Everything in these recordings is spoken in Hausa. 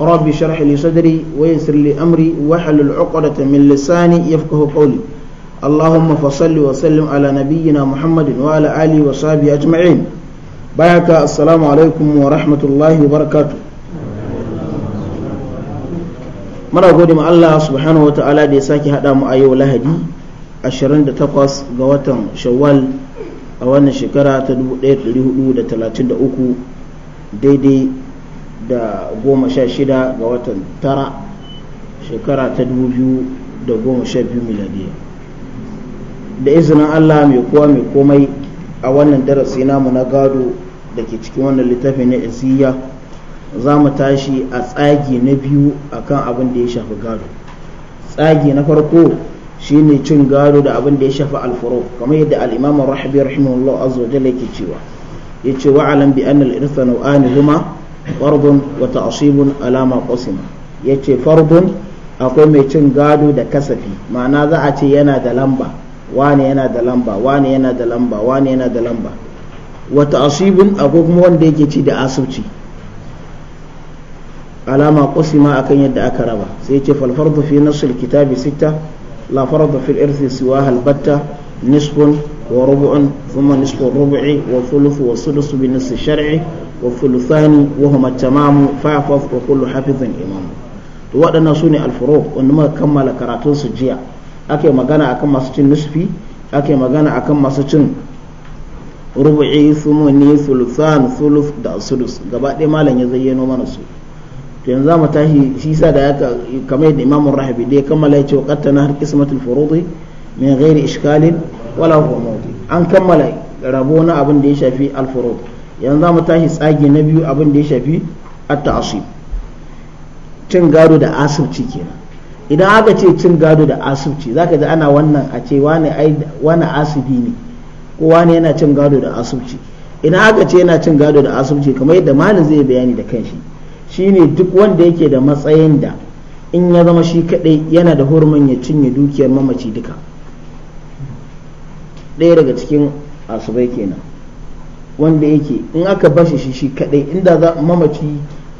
rabbi sharxi li sadri wayasir li amri waxlul cuqdata min lisaani yafkahu qawli allahuma fasalli wasalim ala nabiyina muxamadin wala alihi wasaabihi ajmaciin bayaka assalaamu alaykum waraxmat ullaahi wabarakaatu mara godima allah subxaanahu wataala da saki haɗa mu a yau lahadi ashirin da takwas ga watan shawwal a shekara ta dubu ɗaya ɗari hudu da talatin da uku daidai da goma sha shida ga watan tara shekara ta dubu biyu da goma sha biyu miladiya da izinin allah mai kowa mai komai a wannan darasi namu na gado da ke cikin wannan littafi na isiya za mu tashi a tsagi na biyu akan abin da ya shafi gado tsagi na farko shine cin gado da abin da ya shafi alfuro kamar yadda al'imamun rahabiyar rahimahullah azza wa jalla yake cewa yace wa'alam bi annal al-irsa naw'ani huma farbun wa ta'sibun alama ya yace farbun akwai mai cin gado da kasafi ma'ana za a ce yana da lamba wani yana da lamba wani yana da lamba wani yana da lamba wa ta'sibun akwai kuma wanda yake ci da asuci alama qasima akan yadda aka raba sai yace fal fardu fi nasil kitabi sita la fardu fil irsi siwa halbatta nisfun وربع wa thuluthu wa sudusu bi بالنصف shar'i والثلثان وهما التمام فاحفظ وكل حافظ إمام alfuro wanda muka kammala karatun su jiya ake magana akan masu cin nisfi ake magana akan masu cin rubu'i sumuni sulusan sulus da sulus gaba ɗaya malam ya zayyano mana su to yanzu mu tashi shi sa da ya kamar yadda imamun rahabi da ya kammala ya ce wa qattana har qismatul furudi min ghairi ishkalin wala huwa an kammala rabo na abin da ya shafi alfurud yanzu za mu tashi tsage na biyu abin da ya shafi atta taasib cin gado da asirci kenan idan aka ce cin gado da asirci zaka ji ana wannan a ce wani wani asibi ne ko wani yana cin gado da asirci idan aka ce yana cin gado da asirci kamar yadda malin zai bayani da kanshi shine duk wanda yake da matsayin da in ya zama shi kadai yana da hurumin ya cinye dukiyar mamaci duka ɗaya daga cikin asubai kenan wanda yake in aka bashi shi shi kadai inda za mamaci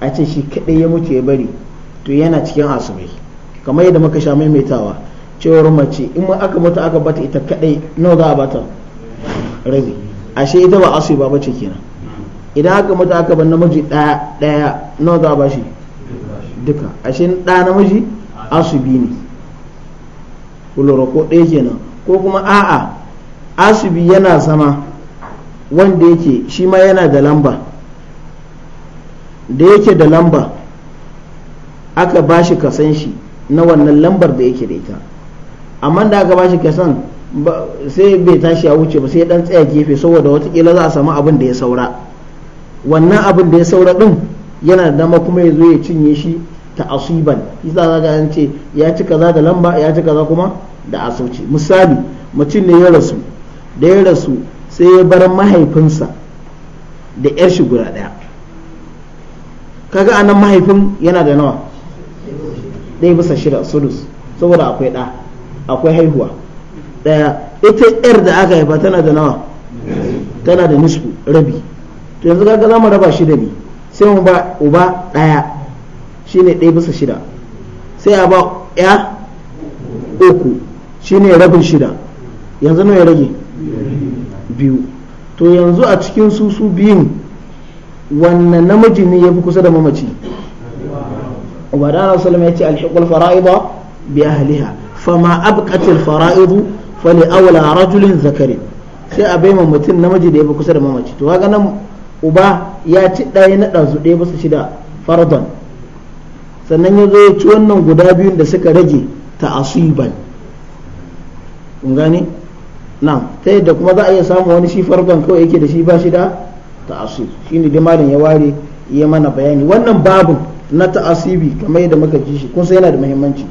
a ce shi kadai ya mutu ya bari to yana cikin asibai kamar yadda muka sha maimaitawa cewar mace in aka mutu aka bata ita kadai nawa za a bata rabi ashe ita ba asiba ba ce kenan idan aka mutu aka bar namiji daya daya nawa za a bashi duka ashe da namiji asubi ne kullu ko ɗaya kenan ko kuma a'a asubi yana zama wanda yake shi ma yana da lamba da yake da lamba aka ba shi kasan shi na wannan lambar da yake da ita amma da aka ba shi kasan sai bai tashi ya wuce ba sai dan tsaya gefe saboda watakila za a samu abin da ya saura wannan abin da ya saura din yana da dama kuma ya zo ya cinye shi ta asiban za a ga ce ya ci kaza da lamba ya ci kaza kuma da asauci misali mutum ne ya rasu da ya rasu sai ya bar mahaifinsa da yar shi guda ɗaya kaga anan mahaifin yana da nawa ɗaya bisa shida sulus saboda akwai ɗa akwai haihuwa ɗaya ita yar da aka haifa tana da nawa tana da nisfu rabi to yanzu kaga za mu raba shi da ni sai mu ba uba ɗaya shine ɗaya bisa shida sai a ba ya uku shine rabin shida yanzu nawa ya rage biyu to yanzu a cikin su su biyun wanne namiji ne ya fi kusa da mamaci wadana salama ya ce alhiqul fara'ida bi ahliha fama abqatil fara'idu li awla rajulin zakari sai a bai mutum namiji da ya fi kusa da mamaci to kaga nan uba ya ci ɗaya na ɗazu ɗaya basu shida fardon sannan ya zo ya ci wannan guda biyun da suka rage ta asiban kun na'am ta yadda kuma za a iya samu wani shi farkon kawai yake da shi ba shi da ta'assub shine dai malam ya ware ya mana bayani wannan babin na ta'asibi kamar yadda muka ji shi kun san yana da muhimmanci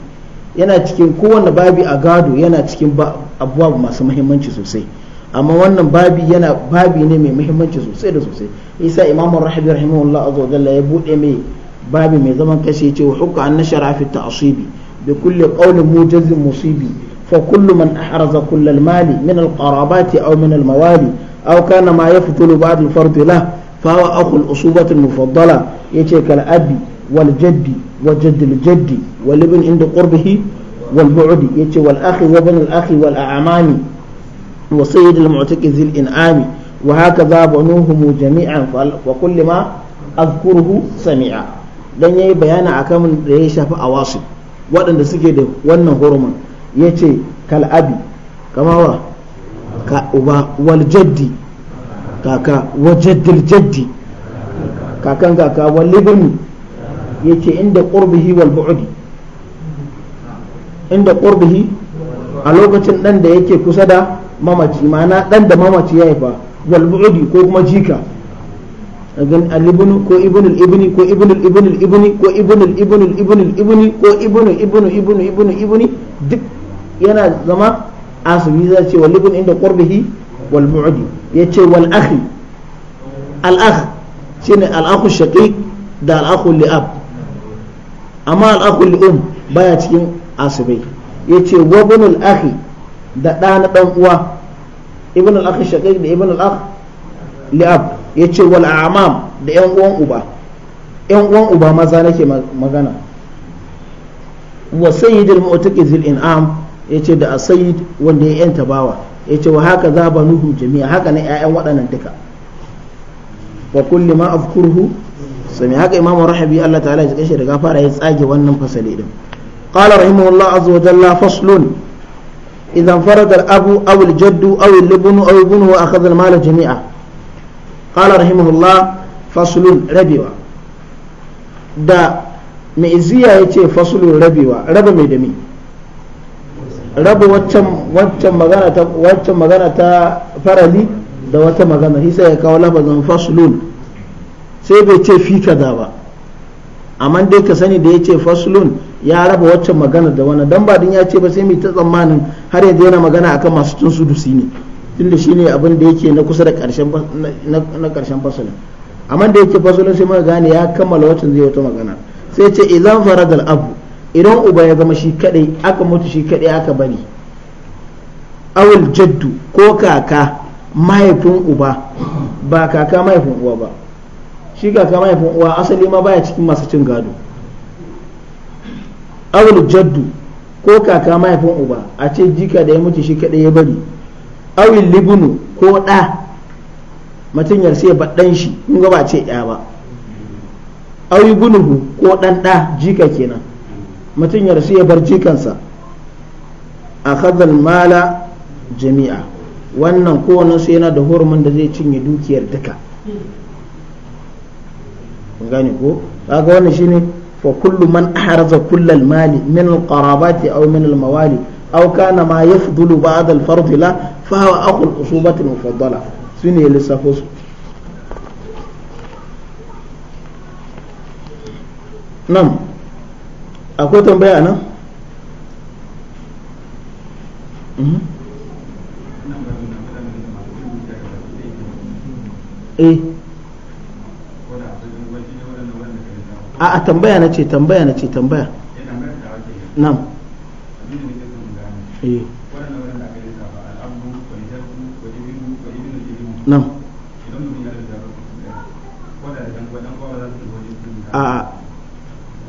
yana cikin kowanne babi a gado yana cikin abubuwa masu muhimmanci sosai amma wannan babi yana babi ne mai muhimmanci sosai da sosai isa imamu rahibi rahimahullah azza wa ya bude mai babi mai zaman kashe ce wa hukka an nashara fi ta'asibi bi kulli qawlin mujazin musibi فكل من أحرز كل المال من القرابات أو من الموالي أو كان ما يفتل بعد الفرد له فهو أخو الأصوبة المفضلة يجي كالأب والجد وجد الجد والابن عند قربه والبعد يجي والأخ وابن الأخ والأعمام وسيد المعتك ذي الإنعام وهكذا بنوهم جميعا وكل ما أذكره سميعا dan yayi bayani akan da ya shafi awasib waɗanda suke da wannan hurumin ya ce kal'abi kamawa ka uba wal jaddi kaka wa jaddil jaddi kakan kaka wal libni ya ce inda qurbihi wal bu'di inda qurbihi a lokacin dan da yake kusa da mamaci ma'ana dan da mamaci ya haifa wal bu'di ko kuma jika gan al-ibnu ko ibnul ibni ko ibnul ibnul ibni ko ibnul ibnul ibnul ibni ko ibnu ibnu ibnu ibnu ibni duk yana zama asibi za ce wal libun inda qurbihi wal mu'di yace wal akhi al akh shine al akhu shaqiq da al akhu li ab amma al akhu li um baya cikin asibai yace wa bunul akhi da ɗa na ɗan uwa ibn al akhi shaqiq da ibn al akh li ab yace wal amam da yan uwan uba yan uwan uba maza nake magana wa sayyidul mu'taqiz al in'am yace da asayid wanda ya yanta bawa yace wa haka za ba nuhu jami'a haka ne ƴaƴan waɗannan duka wa kulli ma afkurhu sami haka imamu rahabi Allah ta'ala ya kashe daga fara ya tsage wannan fasali din qala rahimahullah azza wa jalla faslun idan farada al-abu aw al-jadd aw al-ibn aw ibn wa akhadha al-mal jami'a qala rahimahullah faslun rabiwa da mai iziya yace faslun rabiwa raba mai dami raba waccan magana ta farali da wata magana shi sai ya kawo lafazin faslun sai bai ce fi kaza ba amma dai ka sani da ya ce faslun ya raba waccan magana da wannan dan ba din ya ce ba sai mai ta tsammanin har yanzu yana magana akan masu cin su dusi ne tunda ne abin da yake na kusa da karshen fasulun amma da yake fasulun sai magana gane ya kammala waccan zai wata magana sai ce idan faragal abu idan uba ya zama shi kadai aka mutu shi kadai aka bari awul jaddu ko kaka mahaifin uba ba kaka mahaifin uwa ba shi kaka mahaifin uwa asali ma baya cikin masu cin gado awul jaddu ko kaka mahaifin uba a ce jika da ya mutu shi kadai ya bari awul libunu ko ɗa mutum yarsa ba baɗan shi in ga ba ce ɗaya ba awi gunuhu ko ɗan ɗa jika kenan mutum ya rasu ya bar jikansa a khadhal mala jami'a wannan kowanensu yana da hurumin da zai cinye dukiyar duka gane ko kaga wannan shine fa kullu man ahraza kullal mali min alqarabati aw min almawali mawali aw kana ma yafdulu ba'd al la fa huwa akhu alusubati almufaddala sune lissafo su nam akwai tambaya nan mhm. eh. a tambaya na ce tambaya na ce tambaya nan eh. nan a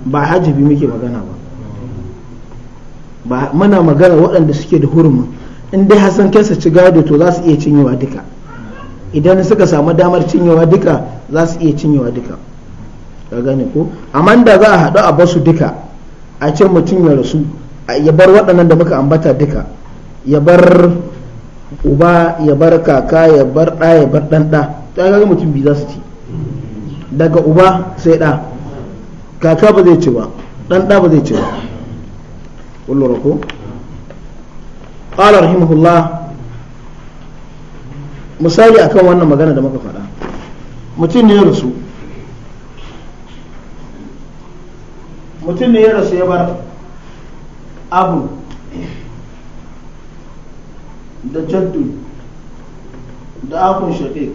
ba hajjabi muke magana ba mana magana waɗanda suke da hurumin in dai hasan kansa ci gado to za su iya cinyewa duka idan suka samu damar cinyewa duka za su iya cinyewa duka ka gane ko amma da za a haɗu a basu duka a ce mutum ya rasu ya bar waɗannan da muka ambata duka ya bar uba ya bar kaka ya bar ɗa ya bar ɗan ta ga mutum bi za su ci daga uba sai ɗa kaka ba zai ci ba dan da ba zai ci ba kullura ko qala rahimahullah misali akan wannan magana da muka faɗa mutum ne ya rasu mutum ne ya rasu ya bar abu da jaddu da akun shaqiq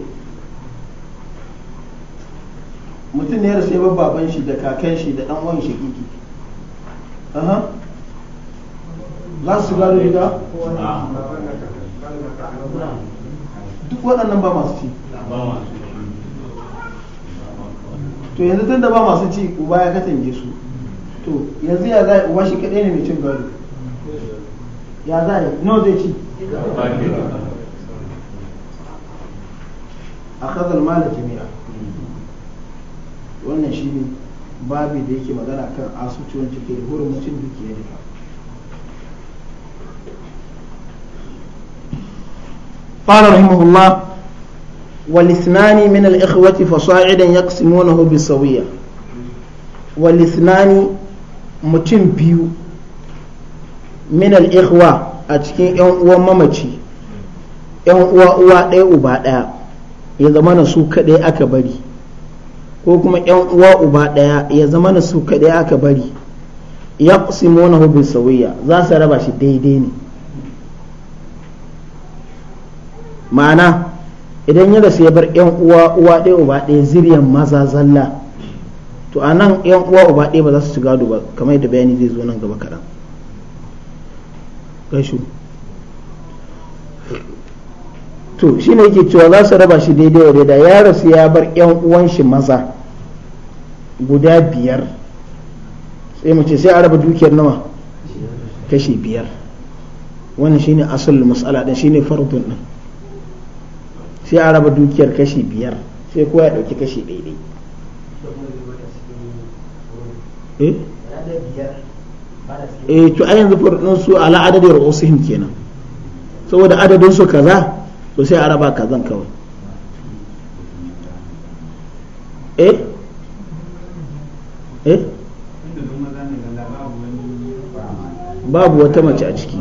mutum ne ya rasu ya baban shi da kakan shi da dan uwan shekiki aha za su gado ita duk waɗannan ba masu ci to yanzu tun da ba masu ci uba ya katange su to yanzu ya zai uba shi kaɗai ne mai cin gado ya zai nawa zai ci a kazar mala jami'a wannan shi ne babi da yake magana kan mutum wanda ke hurumcin dukiya duka قال رحمه الله والاثنان من الإخوة فصاعدا يقسمونه sauya والاثنان mutum biyu min al'ikhwa a cikin ‘yan uwan mamaci ‘yan uwa uwa ɗaya uba ɗaya ya zama na su kaɗai aka bari ko kuma yan uwa uba daya ya zama na su kadai aka bari ya simona hu sauya za su raba shi daidai ne ma'ana idan ya rasu ya bar yan uwa uwa ɗaya uba ɗaya ziryan maza zalla to a nan yan uwa uba ɗaya ba za su ci gado ba kamar yadda bayani zai zo nan gaba kaɗan gashu to shi ne yake cewa za su raba shi daidai wa daidai ya rasu ya bar yan uwan shi maza guda biyar sai mu ce sai a raba dukiyar nawa kashi biyar wannan shine asalin mas'ala din shine farkon din sai a raba dukiyar kashi biyar sai kowa ya dauki kashi daidai eh eh to a yanzu farkon su ala adadin ru'usihim kenan saboda adadin su kaza to sai a raba kazan kawai eh eh babu wata mace a ciki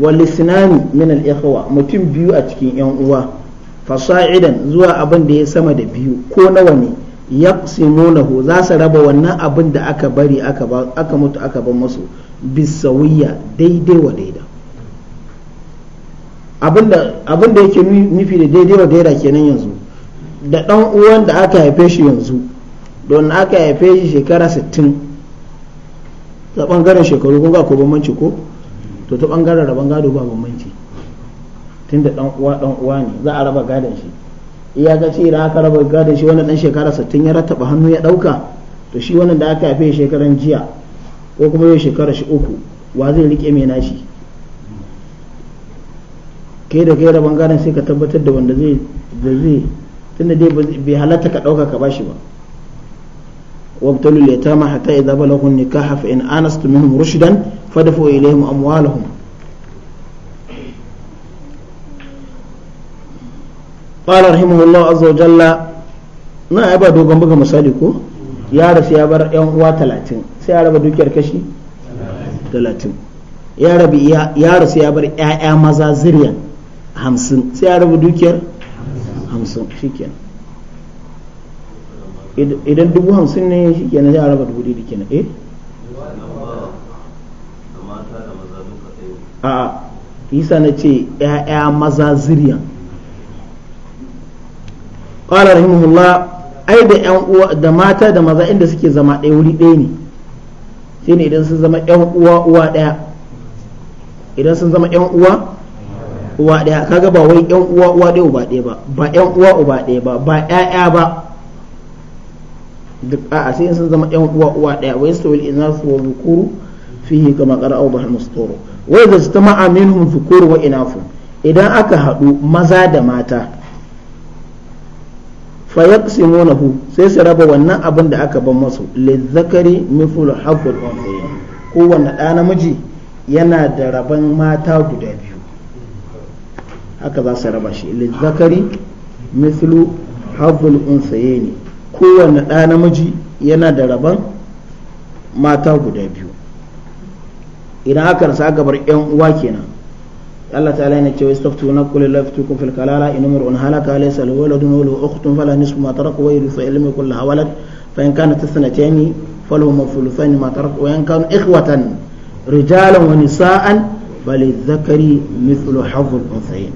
walisinani min al-ikhwa mutum biyu a cikin yan uwa fasa'idan zuwa abin da ya sama da biyu ko nawa ne yaqsimunahu za su raba wannan abin da aka bari aka mutu aka ban masu bisawiya daidai wa daida abinda da yake nufi da daidai wa daida kenan yanzu da dan uwan da aka haife shi yanzu don aka haife shi shekara 60 ta bangaren shekaru ko ga ko bambanci ko to ta bangaren raban gado ba bambanci tun da uwa dan uwa ne za a raba gadon shi iya ga ce idan aka raba gadon shi wani dan shekara 60 ya rataba hannu ya dauka to shi wannan da aka haife shekaran jiya ko kuma yau shekara shi uku wa zai rike mai nashi kai da kai rabon gadon sai ka tabbatar da wanda zai da zai tunda dai bai halatta ka dauka ka bashi ba وابتلوا اليتامى حتى إذا بلغوا النكاح فإن آنست منهم رشدا فدفعوا إليهم أموالهم قال رحمه الله عز وجل na ya ba dogon buga misali ko ya rasu ya bar yan uwa talatin sai ya raba dukiyar kashi talatin ya rasu ya bar ƴaƴa maza zuriyan hamsin sai ya dukiyar hamsin idan dubu hamsin ne shi ke za a raba dubu ɗaya kenan eh a isa na ce ‘ya'ya maza ziriyan ƙwarar himmula ai da ‘yan uwa da mata da maza inda suke zama ɗaya wuri ɗaya ne shi ne idan sun zama ‘yan uwa uwa ɗaya idan sun zama ‘yan uwa uwa ɗaya kaga ba wai ‘yan uwa uwa ɗaya uba ɗaya ba ba ‘yan uwa uba ɗaya ba ba ‘ya'ya ba duk a'a sai sun zama yan uwa uwa daya wa yastawil inasu wa dhukuru fihi kama qara au bahal mustur wa idza istama'a minhum dhukuru wa inafu idan aka hadu maza da mata fa yaqsimunahu sai su raba wannan abin da aka ban musu Zakari, mithlu haqqul unsayin kowanne ɗa namiji yana da raban mata guda biyu haka za su raba shi zakari mithlu haqqul unsayin kowane ɗa namiji yana da rabon mata guda biyu idan aka rasa gabar yan uwa kenan Allah ta'ala yana cewa istaftu na kulli kun fil kalala in umrun halaka laysa lahu waladun wa lahu ukhtun fala nisfu ma taraka wa yurithu ilmi kullu hawalat fa in kanat sanatayni falahu thuluthani ma taraka wa in kanu ikhwatan rijalan wa nisaan فللذكر مثل حظ الأنثيين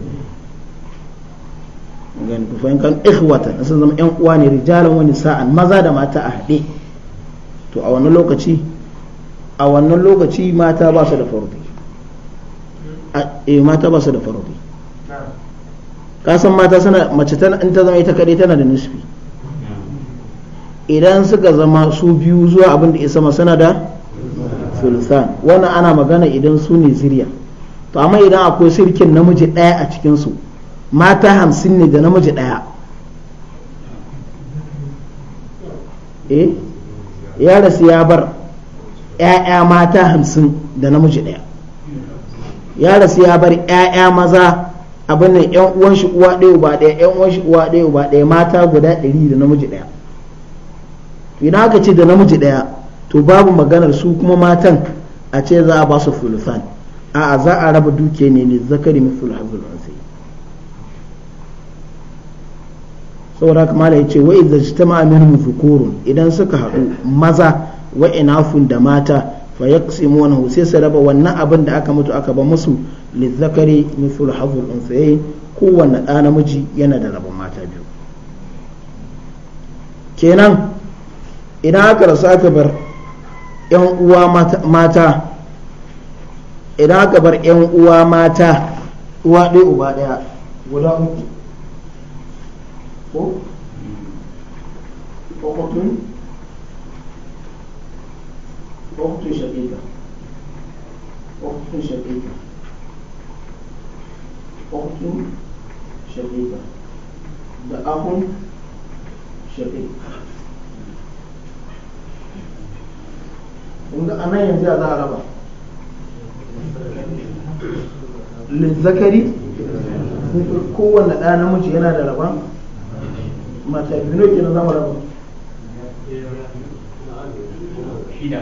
gani ku fahimta kan ikhwata sun zama yan uwa ne rijalan wani sa'an maza da mata a haɗe to a wannan lokaci a wannan lokaci mata ba su da farbi eh mata ba su da farbi kasan mata suna mace tana in ta zama ita kadai tana da nisfi idan suka zama su biyu zuwa abin da ya sama suna da sulsan wannan ana magana idan su ne ziriya to amma idan akwai sirkin namiji ɗaya a cikinsu mata hamsin ne da namiji ɗaya eh ya rasu ya bar ‘ya'ya mata hamsin da namiji ɗaya ya rasu ya bar ‘ya'ya maza abin nan ‘yan uwan shi uwa ɗaya uba ɗaya ‘yan uwan shi uwa ɗaya uba ɗaya mata guda ɗari da namiji ɗaya idan aka ce da namiji ɗaya to babu maganar su kuma matan a ce za a ba su fulufan a'a za a raba duke ne ne zakari mai fulhazul unsi saboda haka mala ce wa idza jtama minhum fukurun idan suka haɗu maza wa inafun da mata fa yaqsimuna sai su raba wannan abin da aka mutu aka ba musu lizakari mithlu hadhul unthayayn kowanne da namiji yana da rabon mata biyu kenan idan aka rasu aka bar yan uwa mata idan aka bar yan uwa mata uwa ɗaya uba ɗaya guda uku فوق أخت أخت شقيقة أخت شقيقة أخت شقيقة ده أخ شقيق kunga anan yanzu ya za a raba lizzakari kowanne ɗaya namiji yana da rabon mata biyu ne kenan zamu raba shida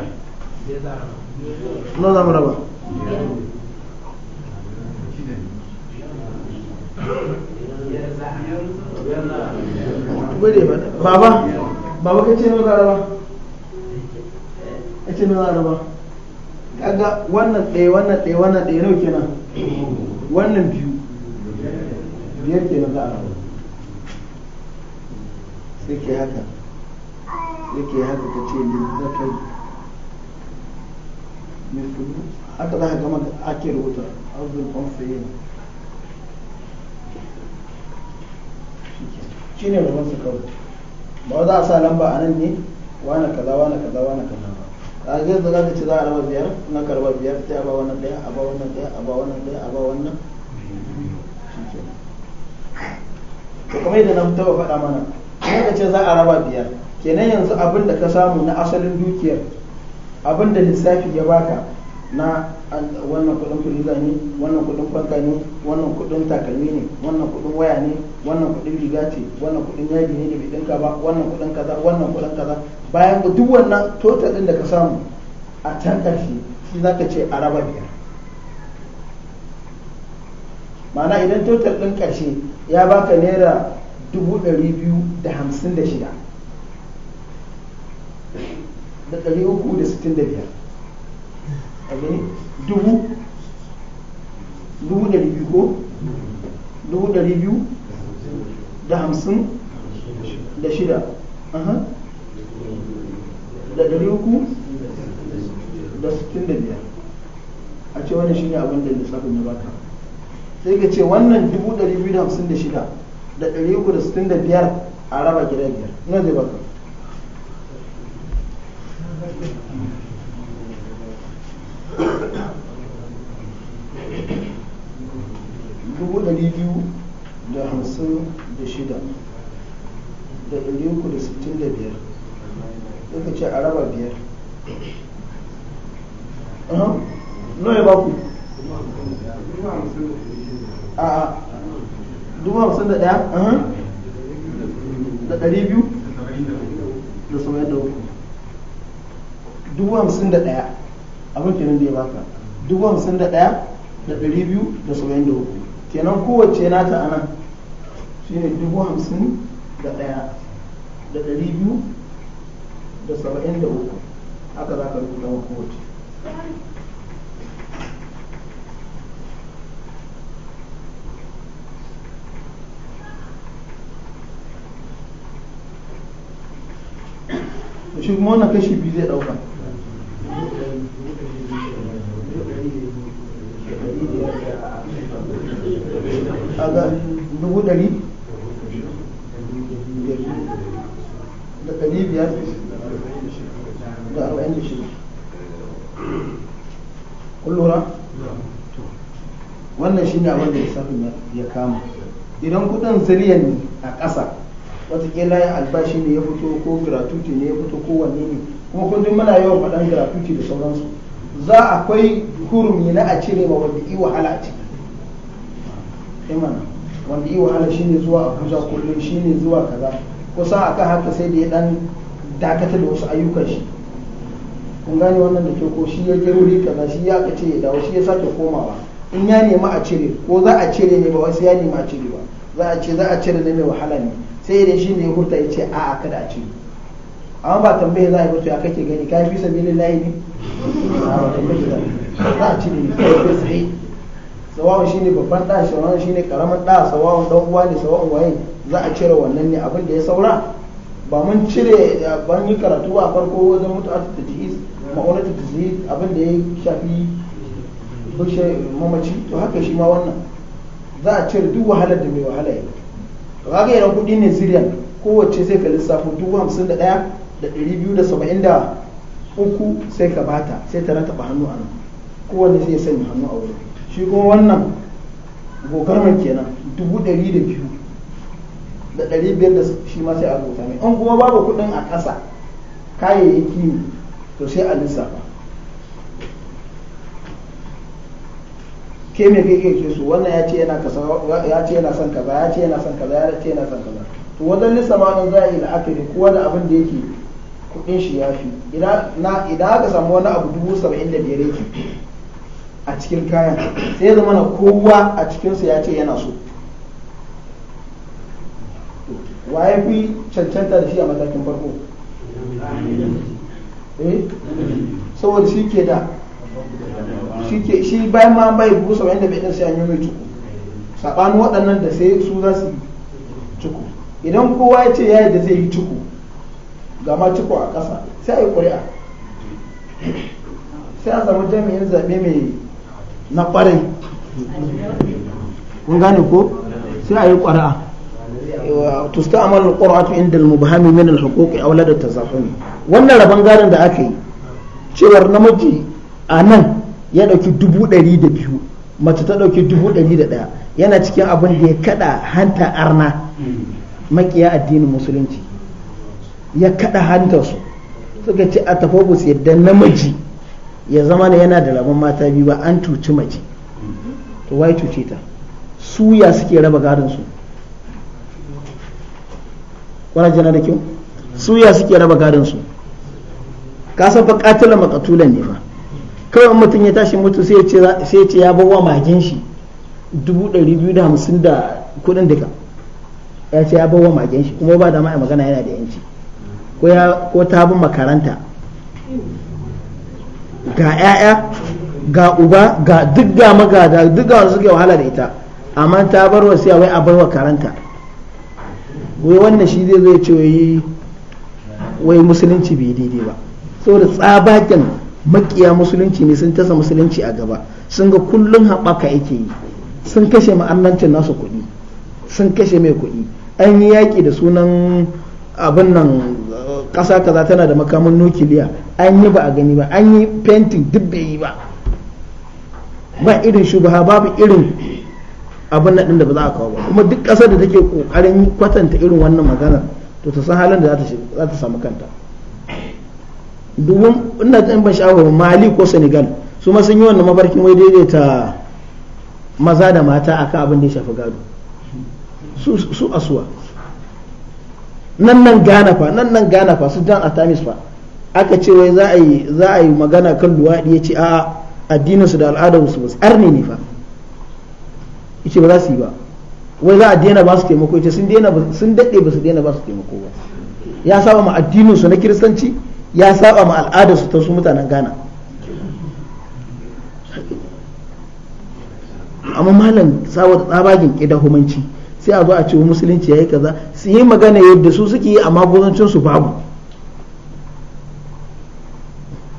na zamu raba baba baba ka ce na raba ka ce na raba kaga wannan ɗaya wannan ɗaya wannan ɗaya nau kenan wannan biyu biyar kenan za a sai ke haka sai haka ka ce ne zakari mislu haka za ka gama ake rubuta arzul konsayin shi ne ruwan su kawai ba za a sa lamba a nan ne wane kaza wane kaza wane kaza ba a zai za ka ci za a raba biyar na karba biyar sai a ba wannan daya a ba wannan daya a ba wannan daya a ba wannan shi ke to kamar yadda faɗa mana ka ce za a raba biyar kenan yanzu abin da ka samu na asalin dukiyar abin da lissafi ya baka na wannan kudin firiza ne wannan kudin fanka ne wannan kudin takalmi ne wannan kudin waya ne wannan kudin riga ce wannan kudin yaji ne da bai dinka ba wannan kudin kaza wannan kudin kaza bayan duk wannan total din da ka samu a can ƙarshe shi za ka ce a raba biyar ma'ana idan total din ƙarshe ya baka naira dubu ɗari biyu da hamsin da shida da uku da sittin da biyar dubu biyu da hamsin da shida da uku da sittin da biyar a ce wani shi ne abin da lissafin ya baka sai ka ce wannan dubu biyu da hamsin da shida da ɗari uku da sittin da biyar a raba gida biyar na zai baka dubu ɗari biyu da hamsin da shida da ɗari uku da sittin da biyar suka ce a raba biyar nawa ya baku a dubu hamsin da ɗaya da ɗari biyu da saba'in da uku dubu hamsin da ɗaya abin kenan da ya baka dubu hamsin da ɗaya da ɗari biyu da saba'in da uku kenan kowace nata a nan shi ne dubu hamsin da ɗaya da ɗari biyu da saba'in da uku haka za ka rubuta wa kowace kuma wannan kashi biyu zai dauka aga dubu dari da dari biyar da arba'in da shida kun lura wannan abin da ya kama idan kudin zuriyan ne a ƙasa watakila yin albashi ne ya fito ko gratuity ne ya fito ko wanne ne kuma kun jin muna yawan faɗan gratuity da sauransu za akwai hurumi na a cire ma wanda yi wahala a ciki imana wanda yi wahala shine zuwa abuja kullum shine zuwa kaza kusa aka haka sai da ya dan dakatar da wasu ayyukan shi kun gane wannan da ke ko shi ya je wuri kaza shi ya kace ya dawo shi ya sake komawa in ya nema a cire ko za a cire ne ba wasu ya nema a cire ba za a ce za a cire ne mai wahala ne sai da shi ne hurta ya ce a a kada a amma ba tambaye za a yi mutu ya kake gani ka fi sabilin layi ne za a ci ne kai sai sawawan ne babban ɗa sawawan ne karamin ɗa sawawan ɗan uwa ne sawawan waye za a cire wannan ne abin da ya saura ba mun cire ban yi karatu a farko wajen mutu mutu'atu tajhiz ta tajhiz abin da ya shafi bushe mamaci to haka shi ma wannan za a cire duk wahalar da mai wahala ya to kaga kudi ne zirya kowace sai ka lissafo dubu hamsin da ɗaya da ɗari biyu da saba'in da uku sai ka bata sai ta rataba hannu a nan kowanne sai ya sanya hannu a wurin shi kuma wannan gogarmar kenan dubu ɗari da biyu da ɗari biyar da shi ma sai a rubuta mai an kuma babu kuɗin a ƙasa kayayyaki ne to sai a lissafa ke me kai kai ke so wannan ya ce yana kasa ya ce yana son kaza ya ce yana son kaza ya ce yana son kaza to wajen ma za zai yi la'akari kowa da abin da yake kudin shi ya fi idan aka samu wani abu dubu saba'in da biyar yake a cikin kayan sai ya zama na kowa a cikinsa ya ce yana so waye fi cancanta da shi a matakin farko eh? saboda shi ke da shi shi bayan ma bai busa wanda bai sai an yi mai cuku saɓanin waɗannan da sai su za su yi cuku idan kowa ya ce ya da zai yi cuku ga ma cuku a ƙasa sai a yi ƙuri'a sai a samu jami'in zaɓe mai na ƙwarai kun gane ko sai a yi ƙuri'a تستعمل القرعة عند المبهم من الحقوق أو لدى التزاحم wannan rabon da aka yi cewar namiji a nan ya ɗauki dubu ɗari da biyu mace ta ɗauki dubu ɗari da ɗaya yana cikin abin da ya kaɗa hanta arna makiya addinin musulunci ya kaɗa hantarsu suka ce a tafobus yadda namiji ya zama da yana da rabon mata biyu ba an cuci mace to wai cuce ta suya suke raba gadon su jana da kyau suya suke raba gadon ka san fa katilan makatulan ne fa kawai mutum ya tashi mutu sai ya ce ya bawa magin shi dubu ɗari biyu da hamsin da kuɗin duka ya ce ya bawa magin shi kuma ba da ma'a magana yana da yanci ko ta bin makaranta ga 'ya'ya ga uba ga duk ga magada duk ga suke wahala da ita amma ta bar wasiya wai a bar wa karanta wai wannan shi zai zai ce wai musulunci bai daidai ba saboda tsabakin makiya musulunci ne sun tasa musulunci a gaba sun ga kullum haɓaka yake yi sun kashe ma'annancin nasu kuɗi sun kashe mai kuɗi an yi yaƙi da sunan abin nan uh, ƙasa kaza tana da makamin nukiliya an yi ba a gani ba an yi fentin duk bai yi ba ba irin shubaha babu irin abin nan da ba za a kawo ba kuma duk ƙasar da take ƙoƙarin kwatanta irin wannan maganar to ta san halin da za ta samu kanta domin ina ta ban sha'awa mali ko senegal su ma sun yi wannan mafarkin wai daidaita maza da mata akan abin da ya shafi gado su asuwa nan nan gana fa nan nan gana fa su dan atamis fa aka ce wai za a yi za a yi magana kan luwaɗi ya ce a addinin su da al'adar su basu arne ne fa yace ba za su yi ba wai za a daina ba su taimako yace sun daina sun dade ba su daina ba su taimako ba ya saba ma addinin su na kiristanci ya saba ma al'adar su ta su mutanen Ghana amma malam sawa da tsabagin ƙida humanci sai a zo a ce musulunci ya yi kaza su yi magana yadda su suke yi amma gozancin su babu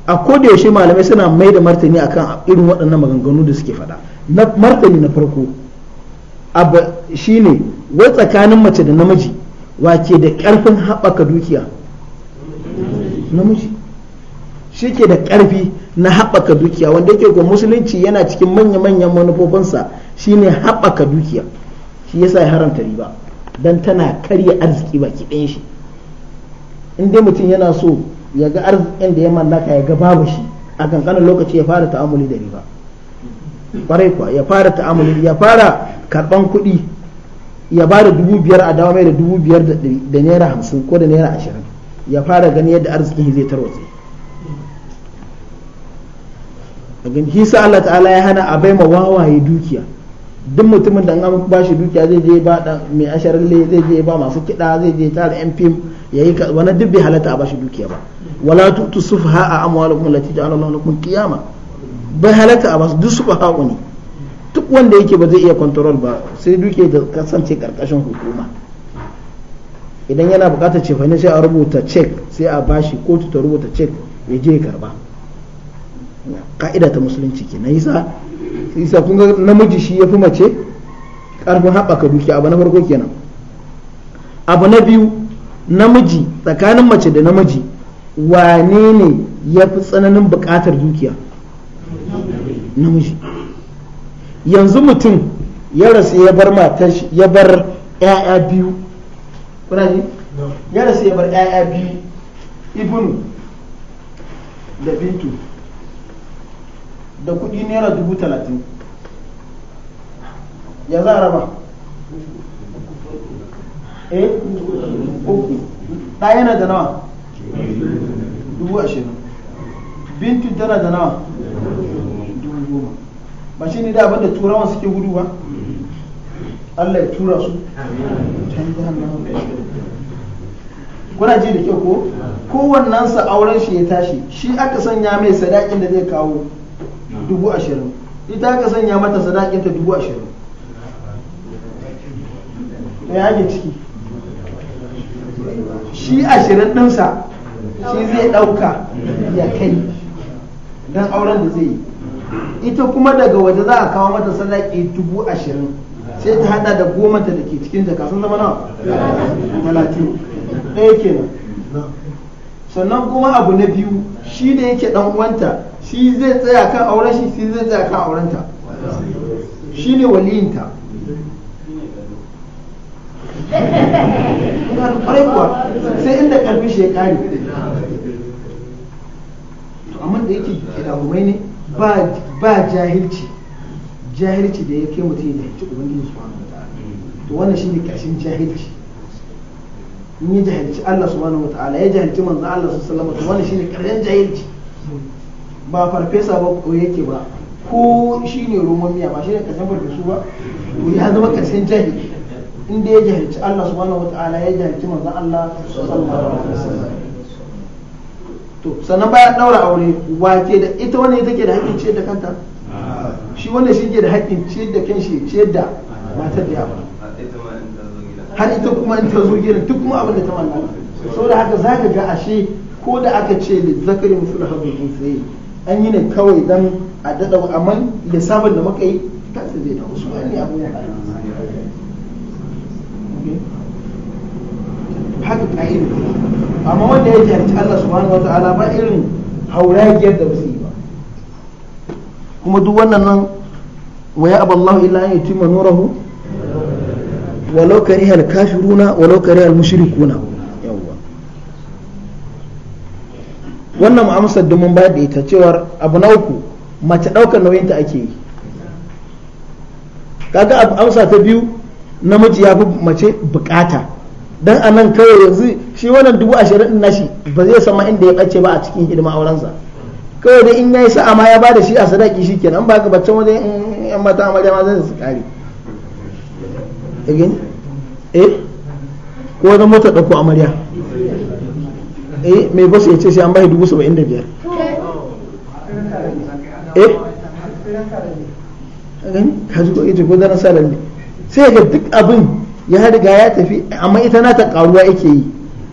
a koda yaushe malamai suna mai da martani akan irin waɗannan maganganu da suke faɗa na martani na farko abu ne wai tsakanin mace da namiji wa ke da ƙarfin haɓaka dukiya namiji shi ke da ƙarfi na haɓaka dukiya wanda yake ko musulunci yana cikin manya-manyan manufofinsa shi ne haɓaka dukiya shi yasa ya haramta riba don tana karya arziki baki ɗayan shi in dai mutum yana so ya ga arzikin da ya mallaka ya ga babu shi a kankanin lokaci ya fara ta'amuli da riba kwarai kuwa ya fara ta'amuli ya fara karɓan kuɗi ya ba da dubu biyar a dawa mai da dubu biyar da naira hamsin ko da naira ashirin ya fara gani yadda arzikin zai tarwatse a gani hisa Allah ta'ala ya hana a bai ma wawaye dukiya duk mutumin da an ba shi dukiya zai je ba dan mai asharle zai je ba masu kiɗa zai je tare ya yi ka wani duk bai halatta a ba shi dukiya ba wala tutu ha a amwalakum allati ala Allahu lakum kiyama bai halatta a ba su duk sufha ne duk wanda yake ba zai iya control ba sai duke da kasance karkashin hukuma idan yana bukatar cefane sai a rubuta cek sai a bashi kotu ta rubuta cek ya je karba ka'ida ta musulunci ke na Isa isa kun ga namiji shi ya fi mace karfin haɓaka dukiya abu na farko kenan abu na biyu namiji tsakanin mace da namiji wane ne ya fi tsananin bukatar dukiya namiji yanzu mutum ya rasu ya bar matar ya bar 'ya'ya biyu kuna ji ya rasu ya bar ƴaƴa biyu ibnu da bintu da kuɗi naira dubu talatin ya za a raba eh uku ɗaya yana da nawa dubu ashirin bintu tana da nawa dubu goma ba shi ne da abinda turawan suke gudu ba Allah ya tura su kuna ji da kyau ko sa auren shi ya tashi shi aka sanya mai sadakin da zai kawo dubu ashirin ita aka sanya mata sadakin ta dubu ashirin da ya ke ciki shi ashirin ɗinsa shi zai ɗauka ya kai don auren da zai yi ita kuma daga waje za a kawo mata sadaki dubu ashirin sai ta hada da gomanta da ke cikin jaka sun zama nawa talatin ɗaya kenan sannan kuma abu na biyu shi da yake dan uwanta shi zai tsaya kan auren shi shi zai tsaya kan aurenta shi ne waliyinta kwarai kuwa sai inda karfi shi ya kare amma da yake kitabumai ne ba jahilci jahilci da ya kai mutum ya jahilci ubangiji subhanahu wa wata to wannan shi ne kashin jahilci in ya jahilci Allah subhanahu wata ta'ala ya jahilci manzan Allah su salama to wannan ne ƙarshen jahilci ba farfesa ba ko yake ba ko shi ne roman miya ba shi ne ƙarshen farfesu ba to ya zama ƙarshen jahilci inda ya jahilci Allah subhanahu wa ta'ala ya jahilci manzon Allah sallallahu alaihi to sannan baya daura aure wace da ita wani take da hakkin ce da kanta shi wanda shi ke da haƙƙin ciyar da kan shi ciyar da matar da yawa har ita kuma in ta zo gina duk kuma abin da ta mallaka saboda haka za ka ga ashe ko da aka ce da da hagu habbul tsaye an yi ne kawai dan a daɗa amma lissafin da muka yi ta zai da wasu wani abu ya haka ka'idu amma wanda ya jarci Allah subhanahu wa ta'ala ba irin hauragiyar da ba su yi kuma duk wannan nan wa ya aballahu illa an yutimma nurahu walau kariha al-kafiruna walau kariha al-mushrikuna yawwa wannan amsar da ba da ita cewar abu na uku mace daukar nauyin ta ake yi kaga amsa ta biyu namiji ya fi mace bukata dan anan kawai yanzu shi wannan dubu ashirin na nashi ba zai sama inda ya bace ba a cikin hidima aurensa kawai dai in yayi sa'a ma ya bada shi a sadaki shi kenan ba ka baccan wajen yan mata amarya ma zai su kare eh ko wajen mota ɗauko amarya eh mai basu ya ce sai an bai dubu saba'in da biyar eh gani ka ji ko ita ko zanen salar ne sai ga duk abin ya riga ya tafi amma ita na ta karuwa yake yi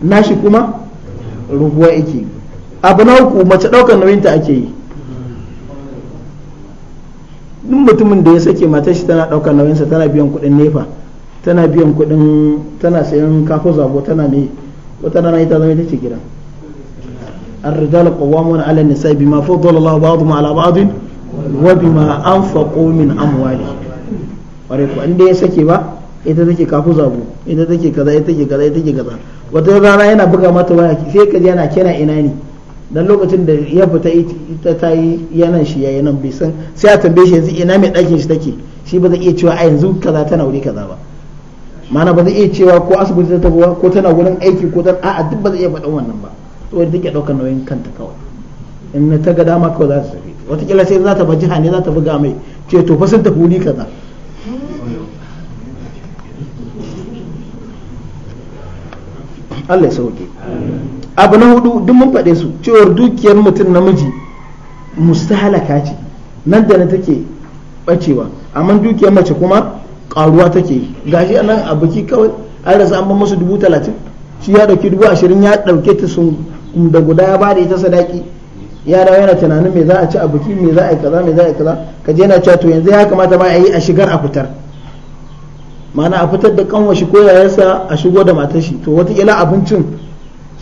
nashi kuma ruguwa yake yi abu na uku mace ɗaukar ta ake yi duk mutumin da ya sake matar shi tana ɗaukar nauyinsa tana biyan kuɗin nefa tana biyan kuɗin tana sayan kafo zabo tana ne ko wata rana ita zama ita ce gidan الرجال قوامون على النساء بما ala الله بعضهم على بعض وبما أنفقوا ware أموالهم inda عندي يسكي ba ita take kafu zabo ita take kaza ita take kaza ita take kaza wata rana yana buga mata waya sai ka yana kira ina ne dan lokacin da ya fita ita ta yi yanan shi yayi nan bai san sai a tambaye shi yanzu ina mai ɗakin shi take shi ba zai iya cewa a yanzu kaza tana wuri kaza ba mana ba zai iya cewa ko asibiti ta tafi ko tana wurin aiki ko ta a'a duk ba zai iya faɗin wannan ba wai take ɗaukar nauyin kanta kawai in ta ga dama kawai za ta tafi watakila sai za ta ba jiha ne za ta buga mai ce to fa sun tafi wuri kaza Allah ya sauke. abu na hudu duk mun faɗe su cewar dukiyar mutum namiji mustahalaka ce nan da na take bacewa amma dukiyar mace kuma ƙaruwa take yi gashi a nan a biki kawai an rasa an ban musu dubu talatin shi ya dauki dubu ashirin ya dauke ta sun da guda ya bada ita sadaki ya dawo yana tunanin me za a ci a biki me za a yi kaza me za a yi kaza ka je yana cewa to yanzu ya kamata ma a yi a shigar a fitar mana a fitar da kanwa shi ko yayarsa a shigo da matar shi to wataƙila abincin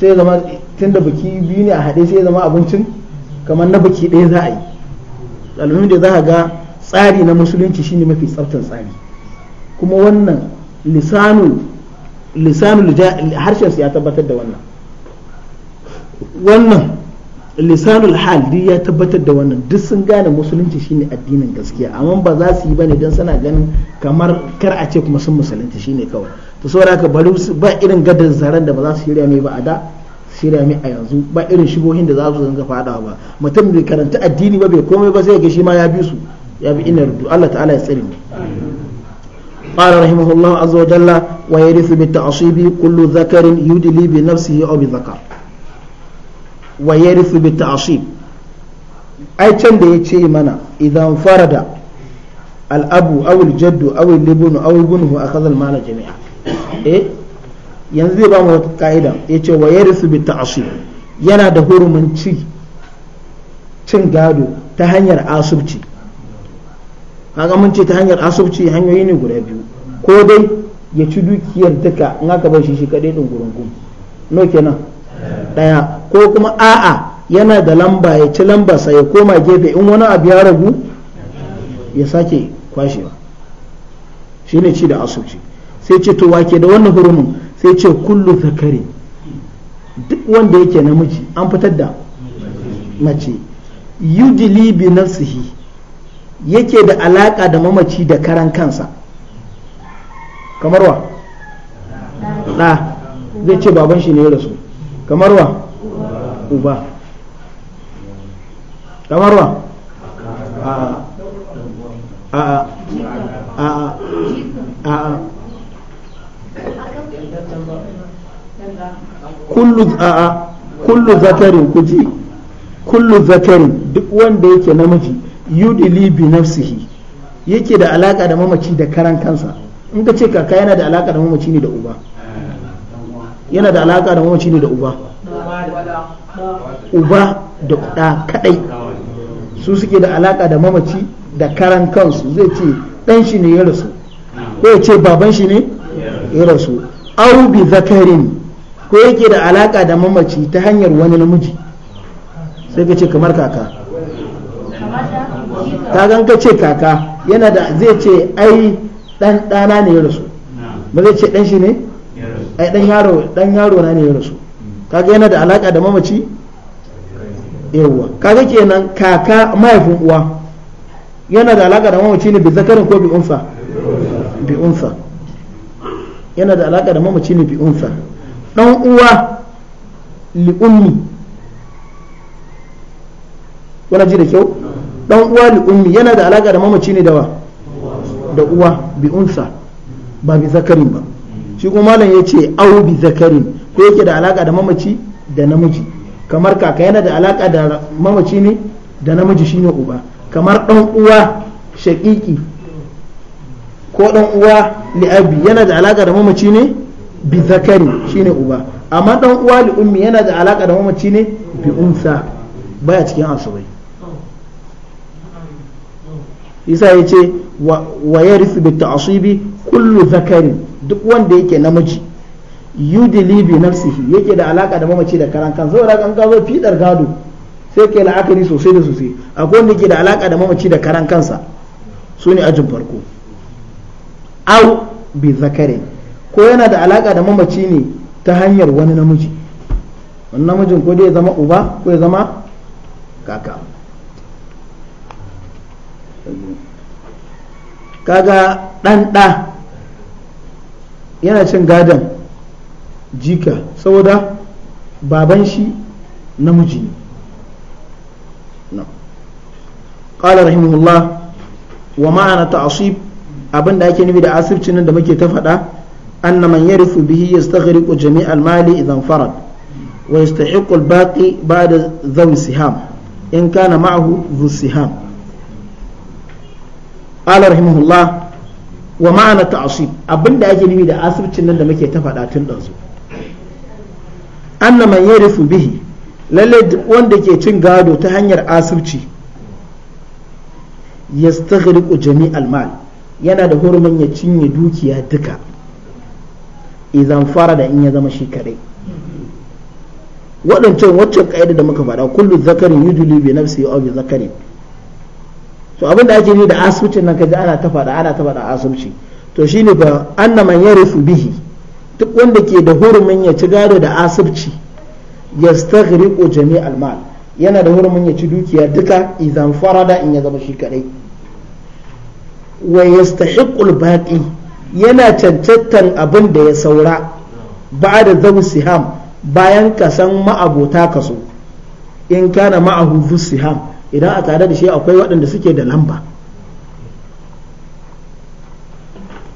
sai zama tun da baki biyu ne a haɗe sai zama abincin kamar na baki ɗaya za a yi alhamdu da za a ga tsari na musulunci shine mafi tsaftar tsari kuma wannan lisanu harshen harshen ya tabbatar da wannan wannan lisanul hal duk ya tabbatar da wannan duk sun gane musulunci shine addinin gaskiya amma ba za su yi bane don suna ganin kamar kar a ce kuma sun musulunci shine kawai to saboda haka bari ba irin gadar zaren da ba za su shirya mai ba a da shirya mai a yanzu ba irin shigohin da za su zanga fadawa ba mutum bai karanta addini ba bai komai ba sai ga shi ma ya bi su ya bi ina rudu Allah ta'ala ya tsare mu قال رحمه الله عز وجل ويرث بالتعصيب كل ذكر يدلي بنفسه أو بذكر wa yarithu bi ta'sib ai can da ce mana idan farada al-abu aw al-jaddu aw al-ibnu aw ibnuhu akhadha mala jami'a eh yanzu zai ba mu wata ka'ida yace wa yarithu bi ta'sib yana da hurumin cin gado ta hanyar asubci kaga mun ce ta hanyar asubci hanyoyi ne guda biyu ko dai ya ci dukiyar duka in aka bar shi shi kadai din gurungun no kenan daya ko kuma a'a yana da lamba ya ci lambarsa ya koma gefe in wani abu ya ragu ya sake kwashewa shi ne ci da asuci sai ce to wake da wannan hurumin sai ce kullu zakari duk wanda yake namiji an fitar da mace yudili bi nafsihi yake da alaka da mamaci da karan kansa kamar wa zai ce baban shi ne ya rasu kamar wa uba kamar wa a'a a'a a'a kullu zakarin kuji kullu zakarin duk wanda yake namiji yudili bi nafsihi yake da alaka da mamaci da karan kansa in ka ce kaka yana da alaka da mamaci ne da uba yana da alaka da mamaci ne da uba uba da kuɗa kaɗai, su suke da alaka da mamaci da karan kansu zai ce ɗan shi ne ya rasu ko ya ce baban shi ne ya rasu au bi zakarin ko yake da alaka da mamaci ta hanyar wani namiji sai ka ce kamar kaka ka gan ce kaka yana da zai ce ai ɗan ɗana ne ya rasu ba zai ce ɗan shi ne ai dan yaro dan yaro na ne ya rasu kaga yana da alaka da mamaci yawwa kaga kenan kaka mahaifin uwa yana da alaka da mamaci ne bi zakarin ko bi unsa bi unsa yana da alaka da mamaci ne bi unsa dan uwa li ummi wala ji da kyau dan uwa li ummi yana da alaka da mamaci ne da wa da uwa bi unsa ba bi zakarin ba shi kuma malam ya ce au bi zakarin ko yake da alaka da mamaci da namiji kamar kaka yana da alaka da mamaci ne da namiji shine uba kamar dan uwa shaƙiƙi ko dan uwa li'abi yana da alaka da mamaci ne bi zakari shine uba amma dan uwa li ummi yana da alaka da mamaci ne bi unsa baya cikin asubai isa ya ce wa yarisu bi ta'asibi kullu zakarin duk wanda yake namiji yudili bi nafsihi yake da alaka da mamaci da karan kan saboda kan ka zo fidar gado sai ke la'akari sosai da sosai akwai wanda yake da alaka da mamaci da karan kansa su ne ajin farko au bi zakare ko yana da alaka da mamaci ne ta hanyar wani namiji wani namijin ko dai zama uba ko ya zama kaka kaga ɗan ɗa yana cin gadon jika saboda baban shi namiji ne قال رحمه الله ومعنى تعصيب abin da ake nufi da asirci nan da muke ta faɗa anna man yarifu bihi yastaghriqu jami' al-mali idan farad wa yastahiqu al-baqi ba'da dhawi siham in kana ma'ahu zu siham qala rahimahullah wa ma'ana ta'asib abinda ake nufi da asibcin nan da muke ta faɗa tun ɗansu su annama yarifu bihi lalle wanda ke cin gado ta hanyar asibci yastaghriqu jami'al mal yana da hurumin ya cinye dukiya duka idan fara da in ya zama shi kadai waɗancan waccan kaida da muka faɗa kullu zakarin yuduli bi nafsihi aw bi zakarin to abin da ake ni da asibcin nan kaji ana ta faɗa ana ta faɗa asibci to shine ba anna man yarisu bihi duk wanda ke da hurumin ya ci gado da asibci yastaghriqu jami'al mal yana da hurumin ya ci dukiya duka idan farada in ya zama shi kadai wa yastahiqul baqi yana cancantan abin da ya saura ba da zabu siham bayan ka kasan ma'abota kaso in kana ma'ahu siham idan a tare da shi akwai waɗanda suke da lamba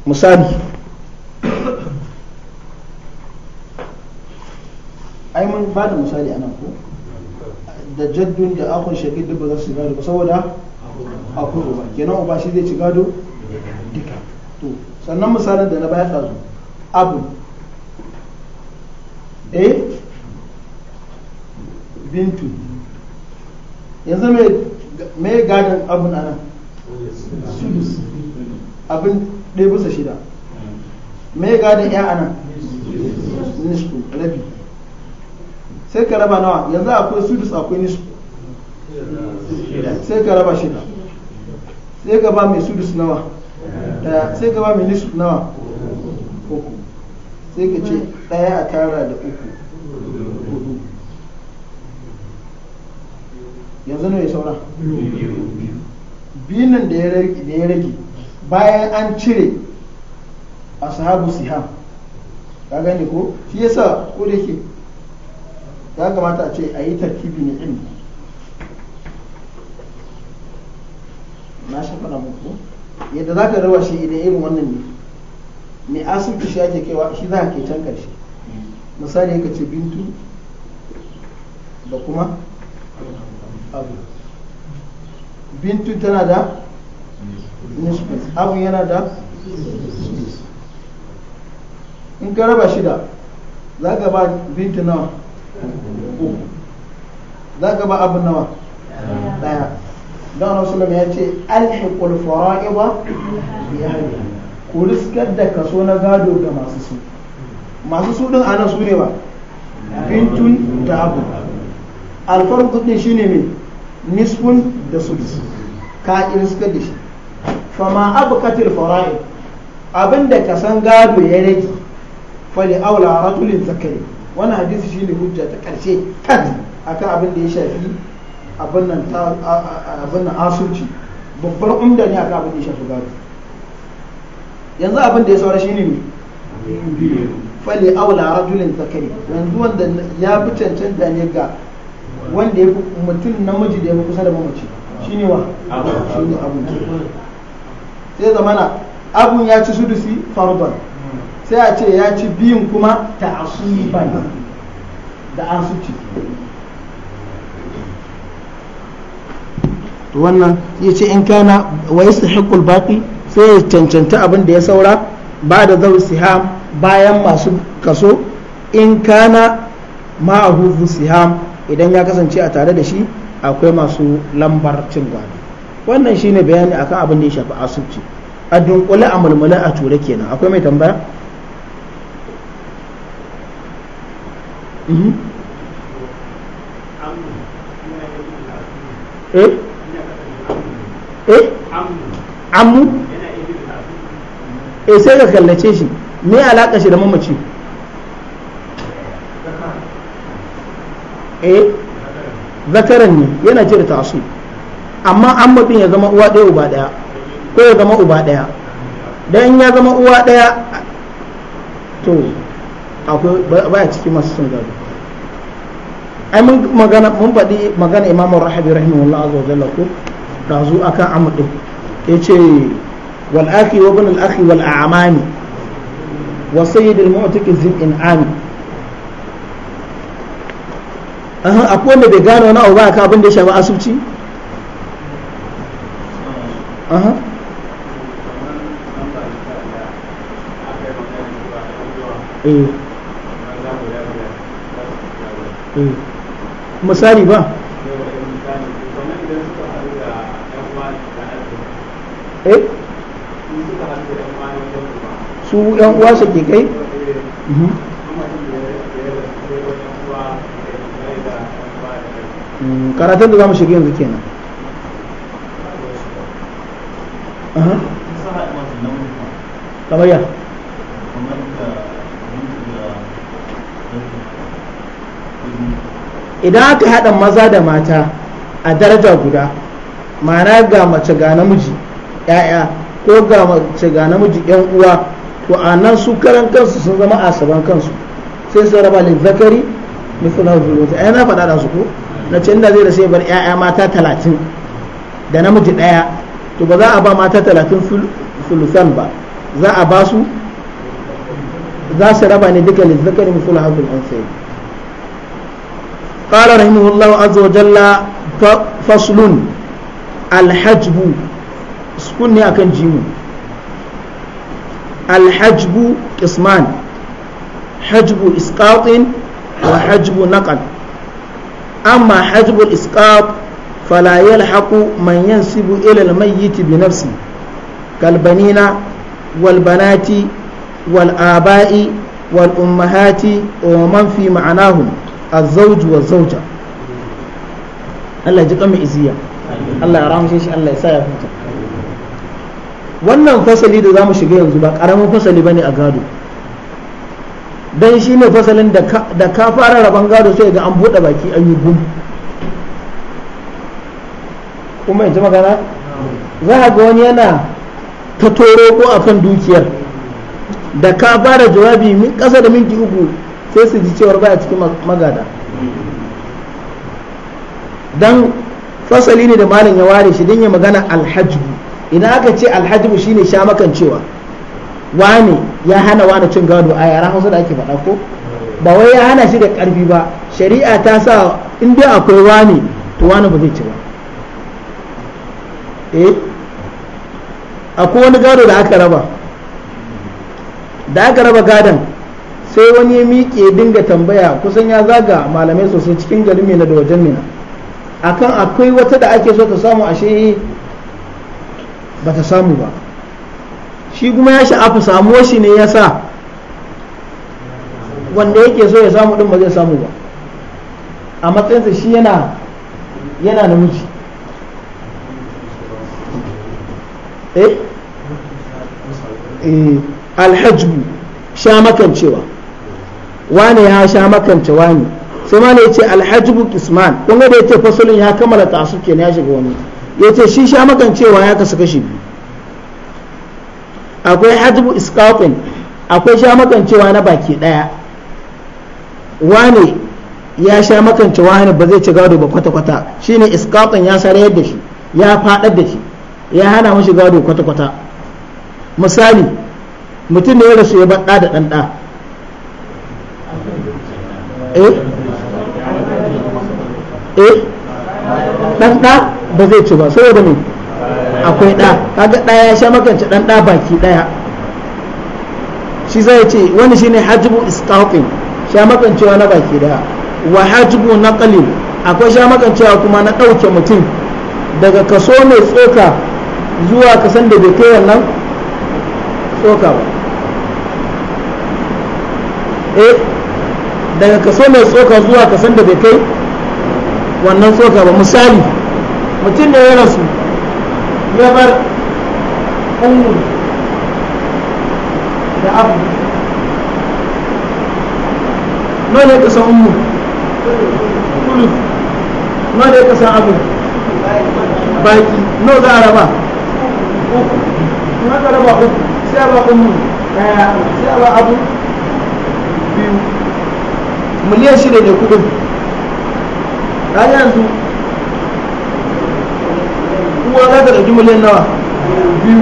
misali ai mun ba da misali a nan ko da jaddun da akon shafi duk ba za su gado ba saboda akwai uba kenan uba shi zai ci gado duka to sannan misalin da na bayar ɗazu abu a eh? bintu yanzu mai gadon abin anan sudus abin ɗaya bisa shida mai gadon ya anan nishku rabi sai ka raba nawa yanzu akwai sudus akwai nishku sai ka raba shida sai ka ba mai sudus nawa daya sai ka ba mai nishku nawa uku sai ka ce ɗaya a tara da uku yanzu ne saura biyun nan da ya rage bayan an cire a sahabu siham ka gane ko shi yasa ko da ke ya kamata a ce a yi tarkibi ne ilmi na shafa na muku yadda za ka rawa shi idan irin wannan ne mai asibiti shi ake kaiwa shi za ka ke can karshe misali ka ce bintu da kuma abu bintu tana da abu yana da in ka raba shida za ka ba bintu nawa za ka ba abu nawa daya don rasulun ya ce alhikul fara'iba ya hari ku riskar da kaso na gado ga masu su masu su din ana su ne ba bintun da abu alfarkudin shi ne mai nisfun da sudus ka suka da shi fama abu katil fara'in abinda ka san gado ya rage fali aula ratulin zakari wani hadisi shi ne hujja ta karshe kan akan abin da ya shafi abin nan asuci babbar umda ne akan abin da ya shafi gado yanzu abin da ya saura shi ne fali aula ratulin zakari yanzu wanda ya fi cancanta ne ga wanda ya mutum namiji da ya fi kusa da mamaci shi ne wa shine abun sai zamana abun ya ci sudusi farban sai a ce ya ci biyun kuma ta ta'asuban da su ci wannan ya ce in kana wa yastahiqul baqi sai ya cancanta abin da ya saura ba da zau siham bayan masu kaso in kana ma'ahu siham idan ya kasance a tare da shi akwai masu lambar cin gwana wannan ne bayani akan abin da ya shafi asubci a dunkule a mulmula a ture kenan akwai mai tambaya mhm. eh eh amu eh sai ka kallace shi me alaka shi da mamaci eh zakaran ne yana cire ta'asub amma amma mutum ya zama uwa ɗaya uba ɗaya ko ya zama uba ɗaya dan ya zama uwa ɗaya to akwai baya ciki masu sun gado ai mun magana mun faɗi magana imamu rahabi rahimahullah azza wa jalla ko dazu akan amr din yace wal akhi wa ibn al akhi wal a'mami wa sayyid al mu'taq zin in'ami akwai wanda bai gane wani abu ba akan abin da ya shafi asubci eh. eh. misali ba eh. su yan uwa su ke kai mhm. karatun da za mu shiga yanzu kenan kamar ya idan aka haɗa maza da mata a daraja guda ma'ana ga mace ga namiji ya'ya ko ga mace ga namiji yan uwa to a nan su karan kansu sun zama asaban kansu sai sun raba zakari mithla zulwata ai yana faɗa da su ko na ce inda zai rasu bar 'ya'ya mata talatin da namiji ɗaya to ba za a ba mata talatin sulusan ba za a ba su za su raba ne duka lizzakari musul hazul an sai qala rahimahullahu azza wa jalla faslun alhajbu sukun ne akan jimu alhajbu qisman hajbu isqatin wa hajbu naqal amma hajibul isqat fala yalhaqu man yansibu ila al bi nafsi kalbanina wal banati wal aba'i wal ummahati wa man fi ma'anahum az wa zawja Allah ji kama iziya Allah ya rahamshe shi Allah ya sa ya huta wannan fasali da zamu shiga yanzu ba karamin fasali bane a gado dan shi ne fasalin da ka fara rabon gado sai ga an buɗe baki an yi gum kuma yanzu magana za a ga wani yana ta toro ko a kan dukiyar da ka fara jawabi min ƙasa da minti uku sai su ji cewar baya cikin magada dan fasali ne da malin ya ware shi don ya magana alhajibu idan aka ce alhajibu shine sha cewa wane ya hana wane cin gado a yara hausa da ake faɗa ko ba wai ya hana shi da ƙarfi ba shari'a ta sa in dai akwai wane to wane ba zai ci ba eh akwai wani gado da aka raba da aka raba gadon sai wani ya miƙe dinga tambaya kusan ya zaga malamai sosai cikin garin mina da wajen mina akan akwai wata da ake so ta samu ashe ba ta samu ba shi kuma ya afu samuwa shi ne ya sa wanda yake so ya samu din ba zai samu ba a matsayinsa shi yana yana namiji eh, eh alhajbu sha makancewa wane ya sha makance wane sai ma ne ce alhajbu kisman kun da ya ce fasalin ya kammala tasu kenan ya shiga wani yace shi sha makancewa ya kasu kashi biyu akwai hajjibu iskafin akwai sha makancewa na baki daya wane ya sha makancewa wani ba zai ci gado ba kwata-kwata shine iskafin ya sare da shi ya fadar da shi ya hana mashi gado kwata-kwata misali mutum da ya rasu ya baɗa da ɗanɗa eh, eh? ɗanɗa ba zai ci ba saboda mai akwai ɗa kaga ɗaya ya sha makance ɗan ɗa baki ɗaya shi zai ce wani shine hajbu isqatin sha makancewa na baki ɗaya wa na ƙalil akwai sha makancewa kuma na ɗauke mutum daga kaso mai tsoka zuwa kasan da bai kai wannan tsoka ba eh daga kaso mai tsoka zuwa kasan da bai kai wannan tsoka ba misali mutum da yana su. ya bar umu da abu ma y'a kasa umu kudu ma y'a kasa abu baki no za a raba uku raba uku sai a ba umu sai a ba abu biyu miliyan shida ne kudin kaga yanzu uwa za ta ɗauki miliyan nawa biyu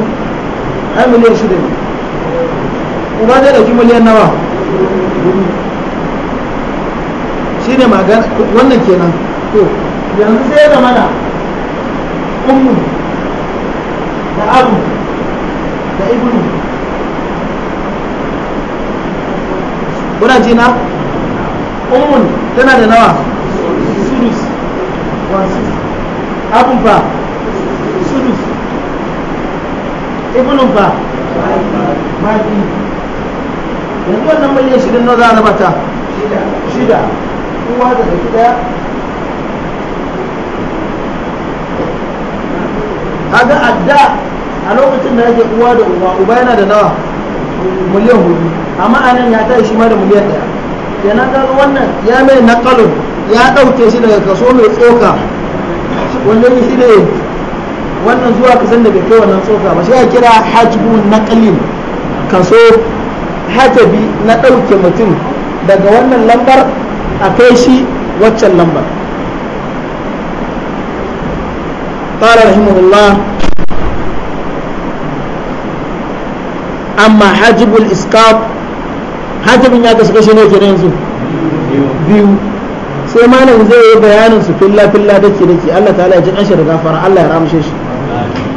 ai miliyan shida ne uba zai ɗauki miliyan nawa shi ne magana wannan kenan to yanzu sai da mana ummu da abu da ibnu kuna ji na ummun tana da nawa abun fa ibnun fa yanzu wannan miliyan shirin na za bata shida kowa da daki daya kaga adda a lokacin da yake uwa da uwa uba yana da nawa miliyan hudu amma anan ya tashi shi ma da miliyan daya kenan ga wannan ya mai nakalun ya ɗauke shi daga kaso mai tsoka wanda shi ne wannan zuwa kasan da bai kai wannan tsofa ba shi ya kira hajbu kalin kaso hatabi na ɗauke mutum daga wannan lambar a kai shi waccan lambar rahimahullah amma الله أما حجب ya حجب kashe ne ke yanzu biyu sai malam zai yi bayanin su filla filla dake dake Allah ta'ala ya ji kanshi da gafara Allah ya ramshe shi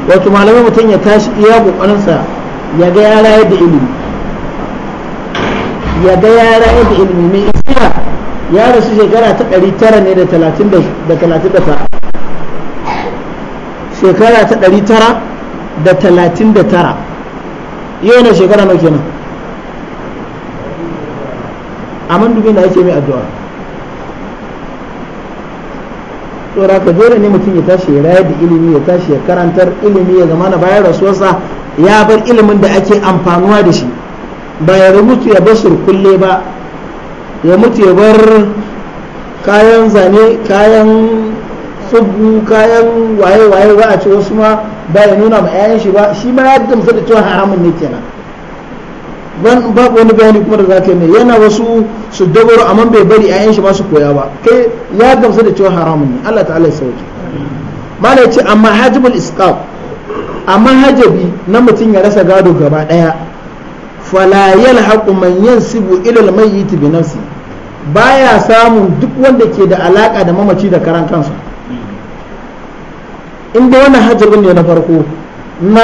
wato malamai mutum ya tashi iya kokarinsa ya ga yara yadda ilimi ya ga yara yadda ilimi mai isra ya rasu shekara ta ɗari tara ne da talatin da talatin da tara shekara ta ɗari tara da talatin da tara iya wani shekara na kenan a mandubin da ake mai addu'a tsora ka dole ne mutum ya tashi ya rayar da ilimi ya tashi ya karantar ilimi ya zama na bayan rasuwarsa ya bar ilimin da ake amfanuwa da shi ba ya mutu ya bar surkulle ba ya mutu ya bar kayan zane kayan tsubu kayan waye-waye ba a ce wasu ma ba ya nuna ma 'ya'yan shi ba shi ma ya damsa da cewa haramun ne kenan babu wani bayani kuma da za ka yana wasu su dogaro amma bai bari a shi masu su koya ba kai ya gamsu da cewa haramun ne Allah ta'ala ya sauke malai ce amma hajibul isqaq amma hajabi na mutum ya rasa gado gaba daya fala yalhaqu man yansibu ila mai mayyit bi nafsi baya samun duk wanda ke da alaka da mamaci da karan kansa inda wannan hajabin ne na farko na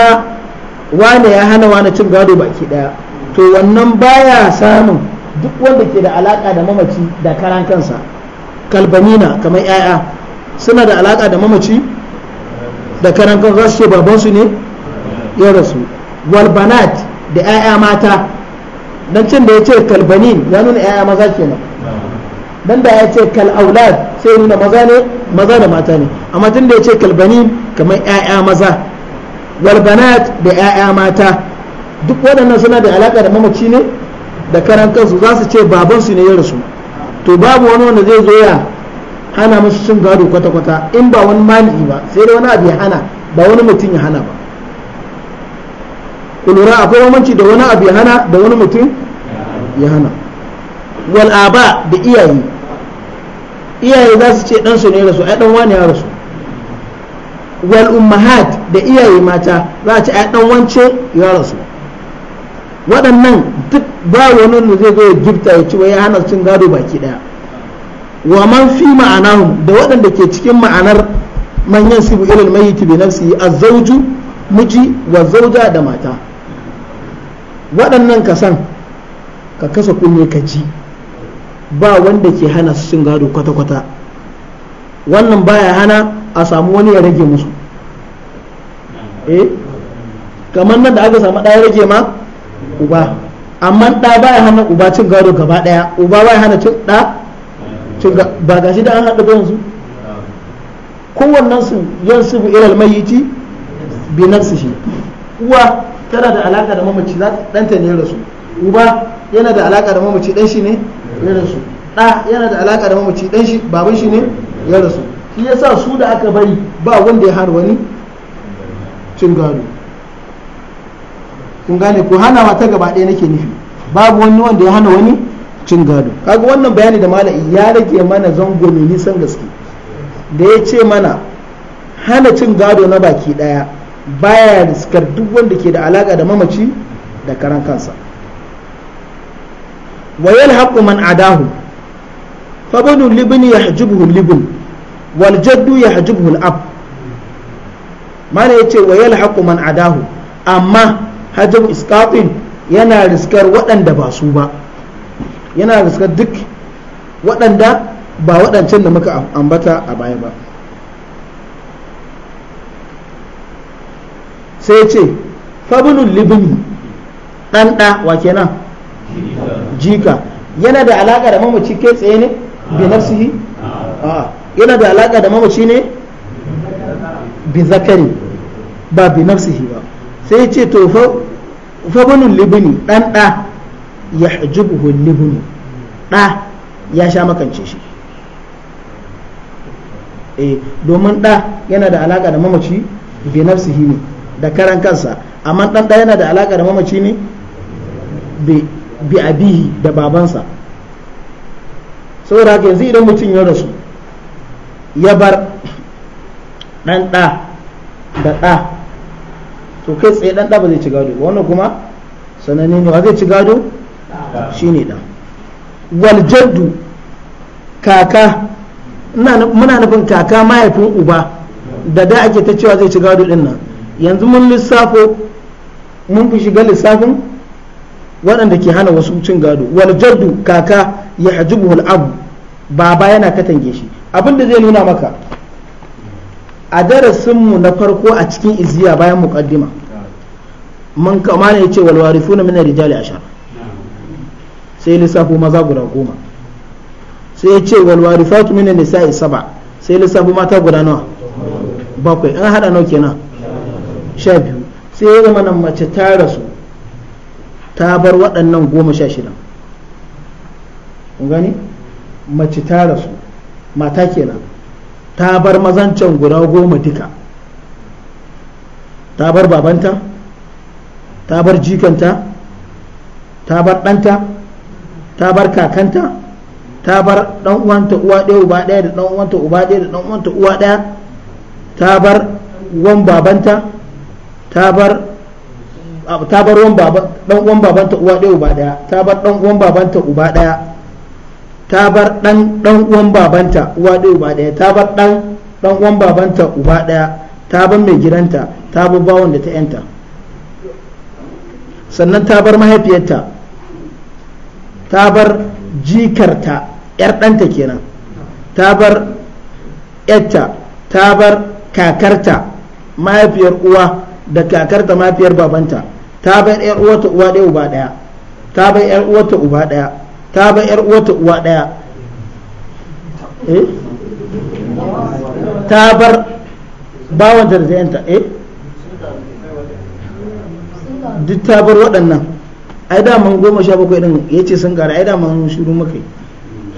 wane ya hana wane cin gado baki daya to wannan baya samun duk wanda ke da alaka da mamaci da karan kansa kalbanina kamar yaya suna da alaka da mamaci da karan kansa su ce babansu ne ya rasu walbanat da yaya mata dan cin da ya ce kalbanin ya nuna yaya maza kenan dan da ya ce kal'aulad sai nuna maza ne maza da mata ne amma tun da ya ce kalbanin kamar yaya maza walbanat da yaya mata duk waɗannan suna da alaƙa da mamaci ne da karan kansu za su ce babansu ne ya rasu to babu wani wanda zai zo ya hana musu cin gado kwata-kwata in ba wani mani'i ba sai dai wani abu ya hana ba wani mutum ya hana ba ku lura akwai mamanci da wani abu ya hana da wani mutum ya hana wal aba da iyaye iyaye za su ce ɗansu ne rasu ai ɗan wani ya rasu wal ummahat da iyaye mata za a ce ai ɗan wance ya rasu waɗannan duk ba wani da zai zo ya gifta ya ci wai ya hana cin gado baki ɗaya wa man fi ma'anahum da waɗanda ke cikin ma'anar manyan sibu mai yiki bi nafsi zauju miji wa zauja da mata waɗannan kasan san ka kasa kunne ka ji ba wanda ke hana su cin gado kwata-kwata wannan baya hana a samu wani ya rage musu eh kamar nan da aka samu ɗaya rage ma uba amma ɗa baya hana uba cin gado gaba ɗaya uba baya hana cin ɗa cin ba shi da an haɗu ba yanzu Kowannensu su yan su ilal mayyiti bi shi uwa tana da alaka da mamaci za ta ɗanta ne rasu uba yana da alaka da mamaci ɗan shi ne ya rasu ɗa yana da alaka da mamaci ɗan shi baban shi ne ya rasu shi yasa su da aka bari ba wanda ya har wani cin gado kun gane ko hanawa ta gaba ɗaya nake nufi babu wani wanda ya hana wani cin gado kaga wannan bayani da malai ya rage mana zango mai nisan gaske da ya ce mana hana cin gado na baki ɗaya baya riskar duk wanda ke da alaka da mamaci da karan kansa wayal yalhaqu man adahu fa banu libni yahjubuhu libn wal jaddu yahjubuhu al ab mana yace wayal yalhaqu man adahu amma hajjab iskatin yana riskar waɗanda ba su ba yana riskar duk waɗanda ba waɗancan da muka ambata a baya ba sai ce fabulun libini ɗanɗa wa kenan jika yana da alaƙa da mamaci ke tsaye ne bi nafsihi yana da alaƙa da mamaci ne bi zakari ba bi nafsihi ba sai ce to fabunin libini ɗan ɗa ya hajjubuhu libini ɗa ya sha makance shi eh, domin ɗa yana da alaƙa da mamaci bi nafsihi ne da karan kansa amma ɗan ɗa yana da alaƙa da mamaci ne bi abihi da babansa saboda haka yanzu idan mutum ya rasu ya bar ɗan ɗa da ɗa to kai tsaye dan ba zai ci gado wannan kuma sananne ne wa zai ci gado shine dan wal kaka muna nufin kaka mahaifin uba da da ake ta cewa zai ci gado din nan yanzu mun lissafo mun fi shiga lissafin waɗanda ke hana wasu cin gado waljaddu kaka ya hajibu abu baba yana katange shi abin da zai nuna maka a darasinmu na farko a cikin iziya bayan muƙaddima man kama ne yace wal funa min rijali ashar sai lissafo maza guda goma sai yace wal warithatu min nisa'i sab'a sai lissafo mata guda nawa bakwai an hada nawa kenan sha biyu sai ya zama nan mace ta rasu ta bar waɗannan goma sha shida gani mace ta rasu mata kenan ta bar mazancan guda goma duka ta bar babanta ta bar jikanta ta bar ɗanta ta bar kakanta ta bar ɗan uwanta uwa ɗaya uba ɗaya da ɗan uwanta uba ɗaya da ɗan uwanta uwa ɗaya ta bar wan babanta ta bar ta bar uwan baba dan uwan babanta uwa ɗaya uba ɗaya ta bar dan uwan babanta uba ɗaya ta bar dan dan uwan babanta uwa ɗaya uba ɗaya ta bar dan dan uwan babanta uba ɗaya ta bar mai gidanta ta bar bawon da ta yanta sannan ta bar mahaifiyarta ta bar jikarta yar ɗanta kenan ta bar yarta ta bar kakarta mahaifiyar uwa da kakarta mahaifiyar babanta ta bar yar uwata uwa ɗaya uba ɗaya ta bar yar uwata uba ɗaya ta bar yar uwata uwa ɗaya eh ta bar bawanta da ta yanta eh duk ta bar waɗannan ai man goma sha bakwai ɗin ya ce sun gara ai man shiru muka yi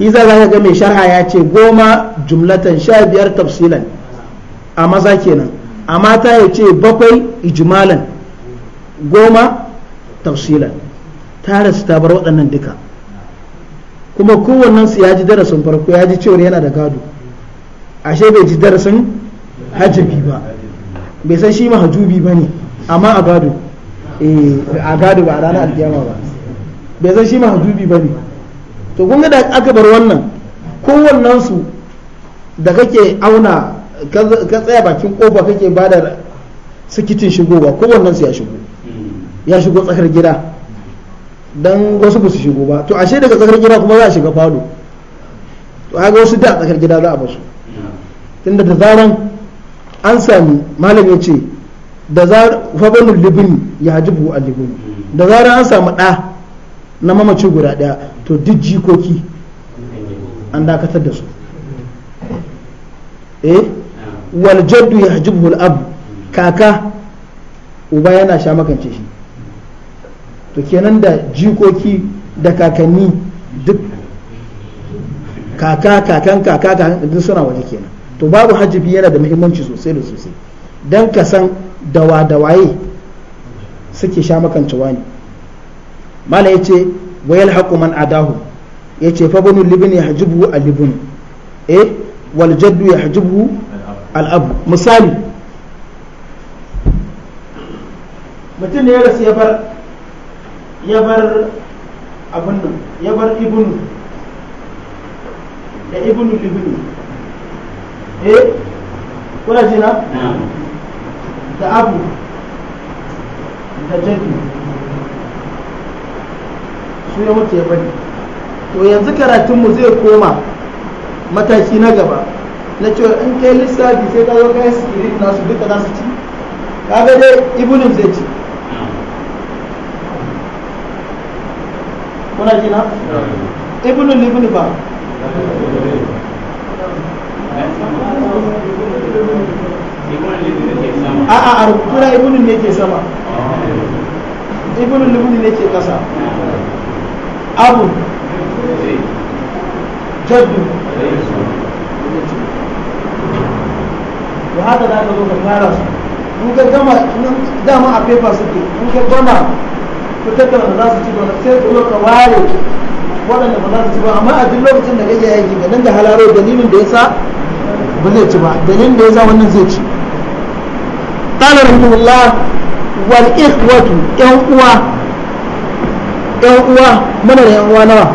shi za ka ga mai sharha ya ce goma jumlatan sha biyar tafsilan a maza kenan a ta ya ce bakwai ijmalan goma tafsilan tare su ta bar waɗannan duka kuma kowannen su ya ji darasin farko ya ji cewar yana da gado ashe bai ji darasin hajjabi ba bai san shi mahajubi ba ne amma a gado Eh, a gado ba a ranar alkiyama ba bai zan shi mahajubi ba ne to kun da aka bar wannan kowannen su da kake auna ka tsaya bakin kofa kake ba da sikitin shigowa kowannen su ya shigo ya shigo tsakar gida dan wasu ba su shigo ba to ashe daga tsakar gida kuma za a shiga falo to ga wasu da tsakar gida za a basu tunda da zaran an sami malam ya ce da zar fabanul libin ya hajibu a libin da zarar an samu ɗa na mamaci guda ɗaya to duk jikoki an dakatar da su eh wal jaddu ya hajibu al ab kaka uba yana sha makance shi to kenan da jikoki da kakanni duk kaka kakan kaka kakan duk suna waje kenan to babu hajjibi yana da muhimmanci sosai da sosai don ka san dawa da waye suke sha makancewa ne mala ya ce wayal haƙu man adahu ya ce fa banu libin ya hajibu a libin eh wal jaddu ya hajibu al'abu misali mutum ne ya rasu ya bar ya bar abin nan ya bar ibnu da ibnu libin eh kuna jina da abu da jirgin su ya mutu ya bari to yanzu karatunmu zai koma mataki na gaba na cewa in kai lissafi sai ka zo kai sikirin nasu duka za su ci kaga dai ibunin zai ci kuna jina ibunin libini ba A'a a a rubutu na ibn ne ke sama ibn ibn ne ke kasa abu jaddu to haka za ka zo ka fara su in ka gama dama a paper suke in ka gama tattara da za su ci gaba sai ka zo ka ware waɗanda ba za su ci ba amma a duk lokacin da kake yaki ga nan da halaro dalilin da ya sa ba zai ci ba dalilin da ya sa wannan zai ci kala rahimullah wal ikhwatu yan uwa yan uwa mana da yan uwa nawa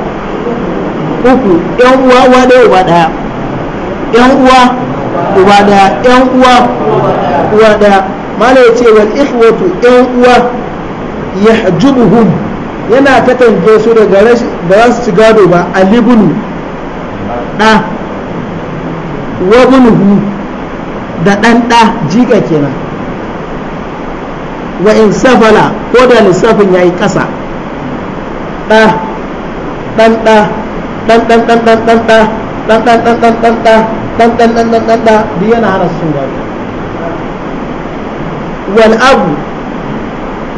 uku yan uwa uwa ɗaya uba daya yan uwa uwa ɗaya yan uwa uwa ɗaya mala ya ce wal ikhwatu yan uwa yahjubuhum yana katange su daga da za su ci gado ba alibunu ɗa wabunuhu da ɗan ɗa jiga kenan wa in safala ko da lissafin ya yi ƙasa ɗa ɗan yana hana su ba. wal abu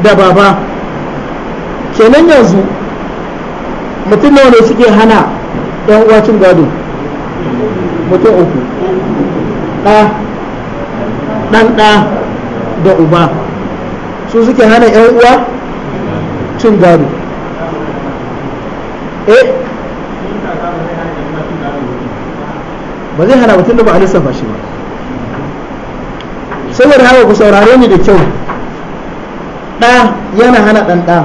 da baba kenan yanzu mutum nawa ne suke hana ɗan uwacin gado mutum uku ɗan da uba su suke hana yan uwa cin gado eh ba zai hana mutum da ba a lissafa shi ba saboda haka ku saurare ni da kyau ɗa yana hana ɗan ɗa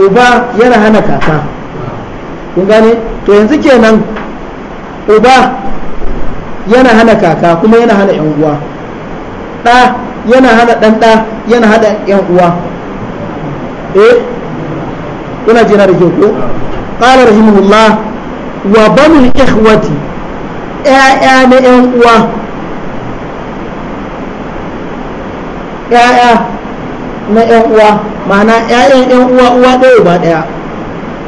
uba yana hana kaka kun gane to yanzu kenan uba yana hana kaka kuma yana hana yan uwa ɗa yana hana ɗan ɗa yana hada yan uwa eh yana jira da kyau ko qala rahimahullah wa banu ikhwati ƴaƴa na yan uwa ƴaƴa na yan uwa ma'ana ƴaƴan yan uwa uwa ɗaya ba ɗaya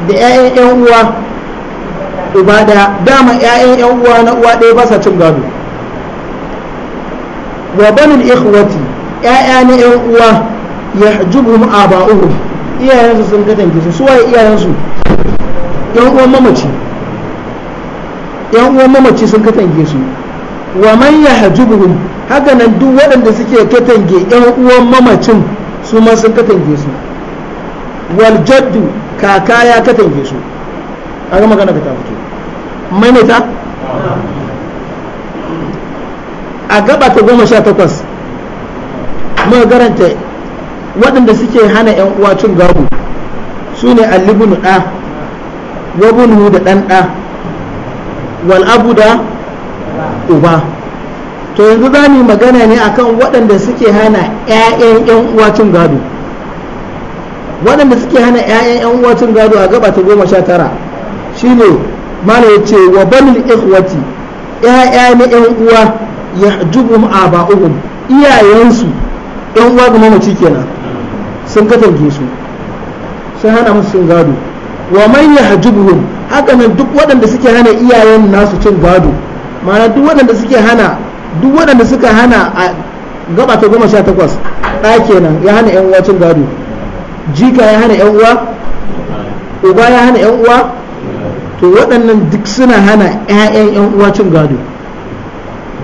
da ƴaƴan yan uwa uba ɗaya dama ƴaƴan yan uwa na uwa ɗaya ba sa cin gado wa banu ikhwati 'ya'ya na 'yan uwa ya jubu aba'uhu iyayensu sun katange su suwaye iyayensu 'yan uwan mamaci yan uwan mamaci sun katange su wa man yahjubuhum haka nan duk waɗanda suke katange yan uwan mamacin su ma sun katange su wal jaddu kaka ya katange su a ga magana ta fito ta a gaba ta goma sha takwas muka garanta waɗanda suke hana yan uwa cin gado su ne allibinu ɗa wabinu da ɗan ɗa abu da uba to yanzu za mu magana ne akan waɗanda suke hana 'ya'yan 'yan uwa cin gado waɗanda suke hana 'ya'yan 'yan uwa cin gado a gaba ta goma sha tara ne mana ya ce wa banil ikhwati 'ya'ya na 'yan uwa ya jubu ba'uhun iyayensu ɗan uwa da mamaci kenan sun katange su sun hana musu cin gado wa man yahjubuhum haka nan duk waɗanda suke hana iyayen nasu cin gado ma'ana duk waɗanda suke hana duk waɗanda suka hana a gaba ta goma sha takwas ɗa kenan ya hana yan uwa cin gado jika ya hana yan uwa uba ya hana yan uwa to waɗannan duk suna hana 'ya'yan yan uwa cin gado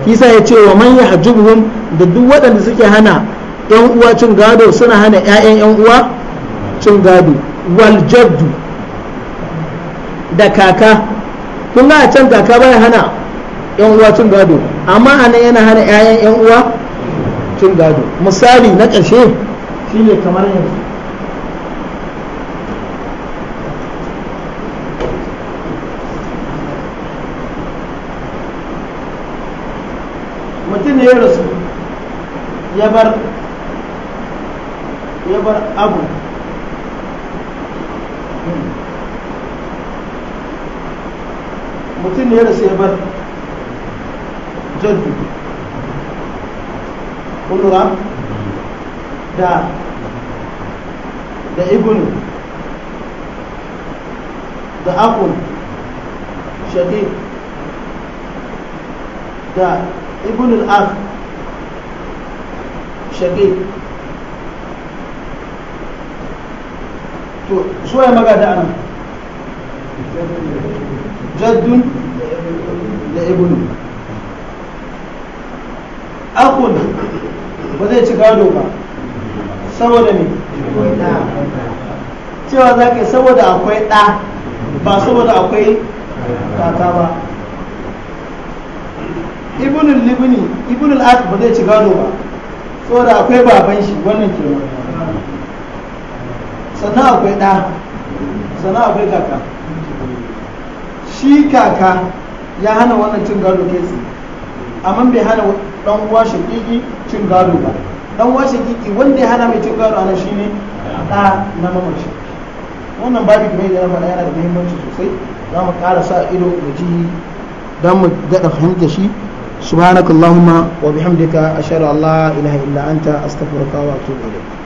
kisa ya ce wa man yahjubuhum da duk waɗanda suke hana yan uwa cin gado suna hana 'ya'yan yan uwa cin gado wal jaddu da kaka kun ga a can kaka bai hana yan uwa cin gado amma anan yana hana 'ya'yan yan uwa cin gado misali na ƙarshe shine kamar yanzu mutum ne ya rasu ya bar يبر أبو متين يرس يبر جد قل رب دا دا ابن دا أقل شقيق دا ابن الأخ شقيق to su waye magada anan jaddun da ibnu akun ba zai ci gado ba saboda ne cewa za ka saboda akwai ɗa ba saboda akwai tata ba ibnul libni ibnul ak ba zai ci gado ba saboda akwai baban shi wannan kenan sannan akwai ɗa sannan akwai kaka shi kaka ya hana wannan cin gado kai tsaye amma bai hana dan uwa shakiki cin gado ba dan uwa shakiki wanda ya hana mai cin gado ana shine ɗa na mamaci wannan babu kuma yadda na yana da muhimmanci sosai za mu ƙara sa ido da ji don mu daɗa fahimta shi سبحانك اللهم وبحمدك أشهد أن لا إله إلا أنت أستغفرك وأتوب إليك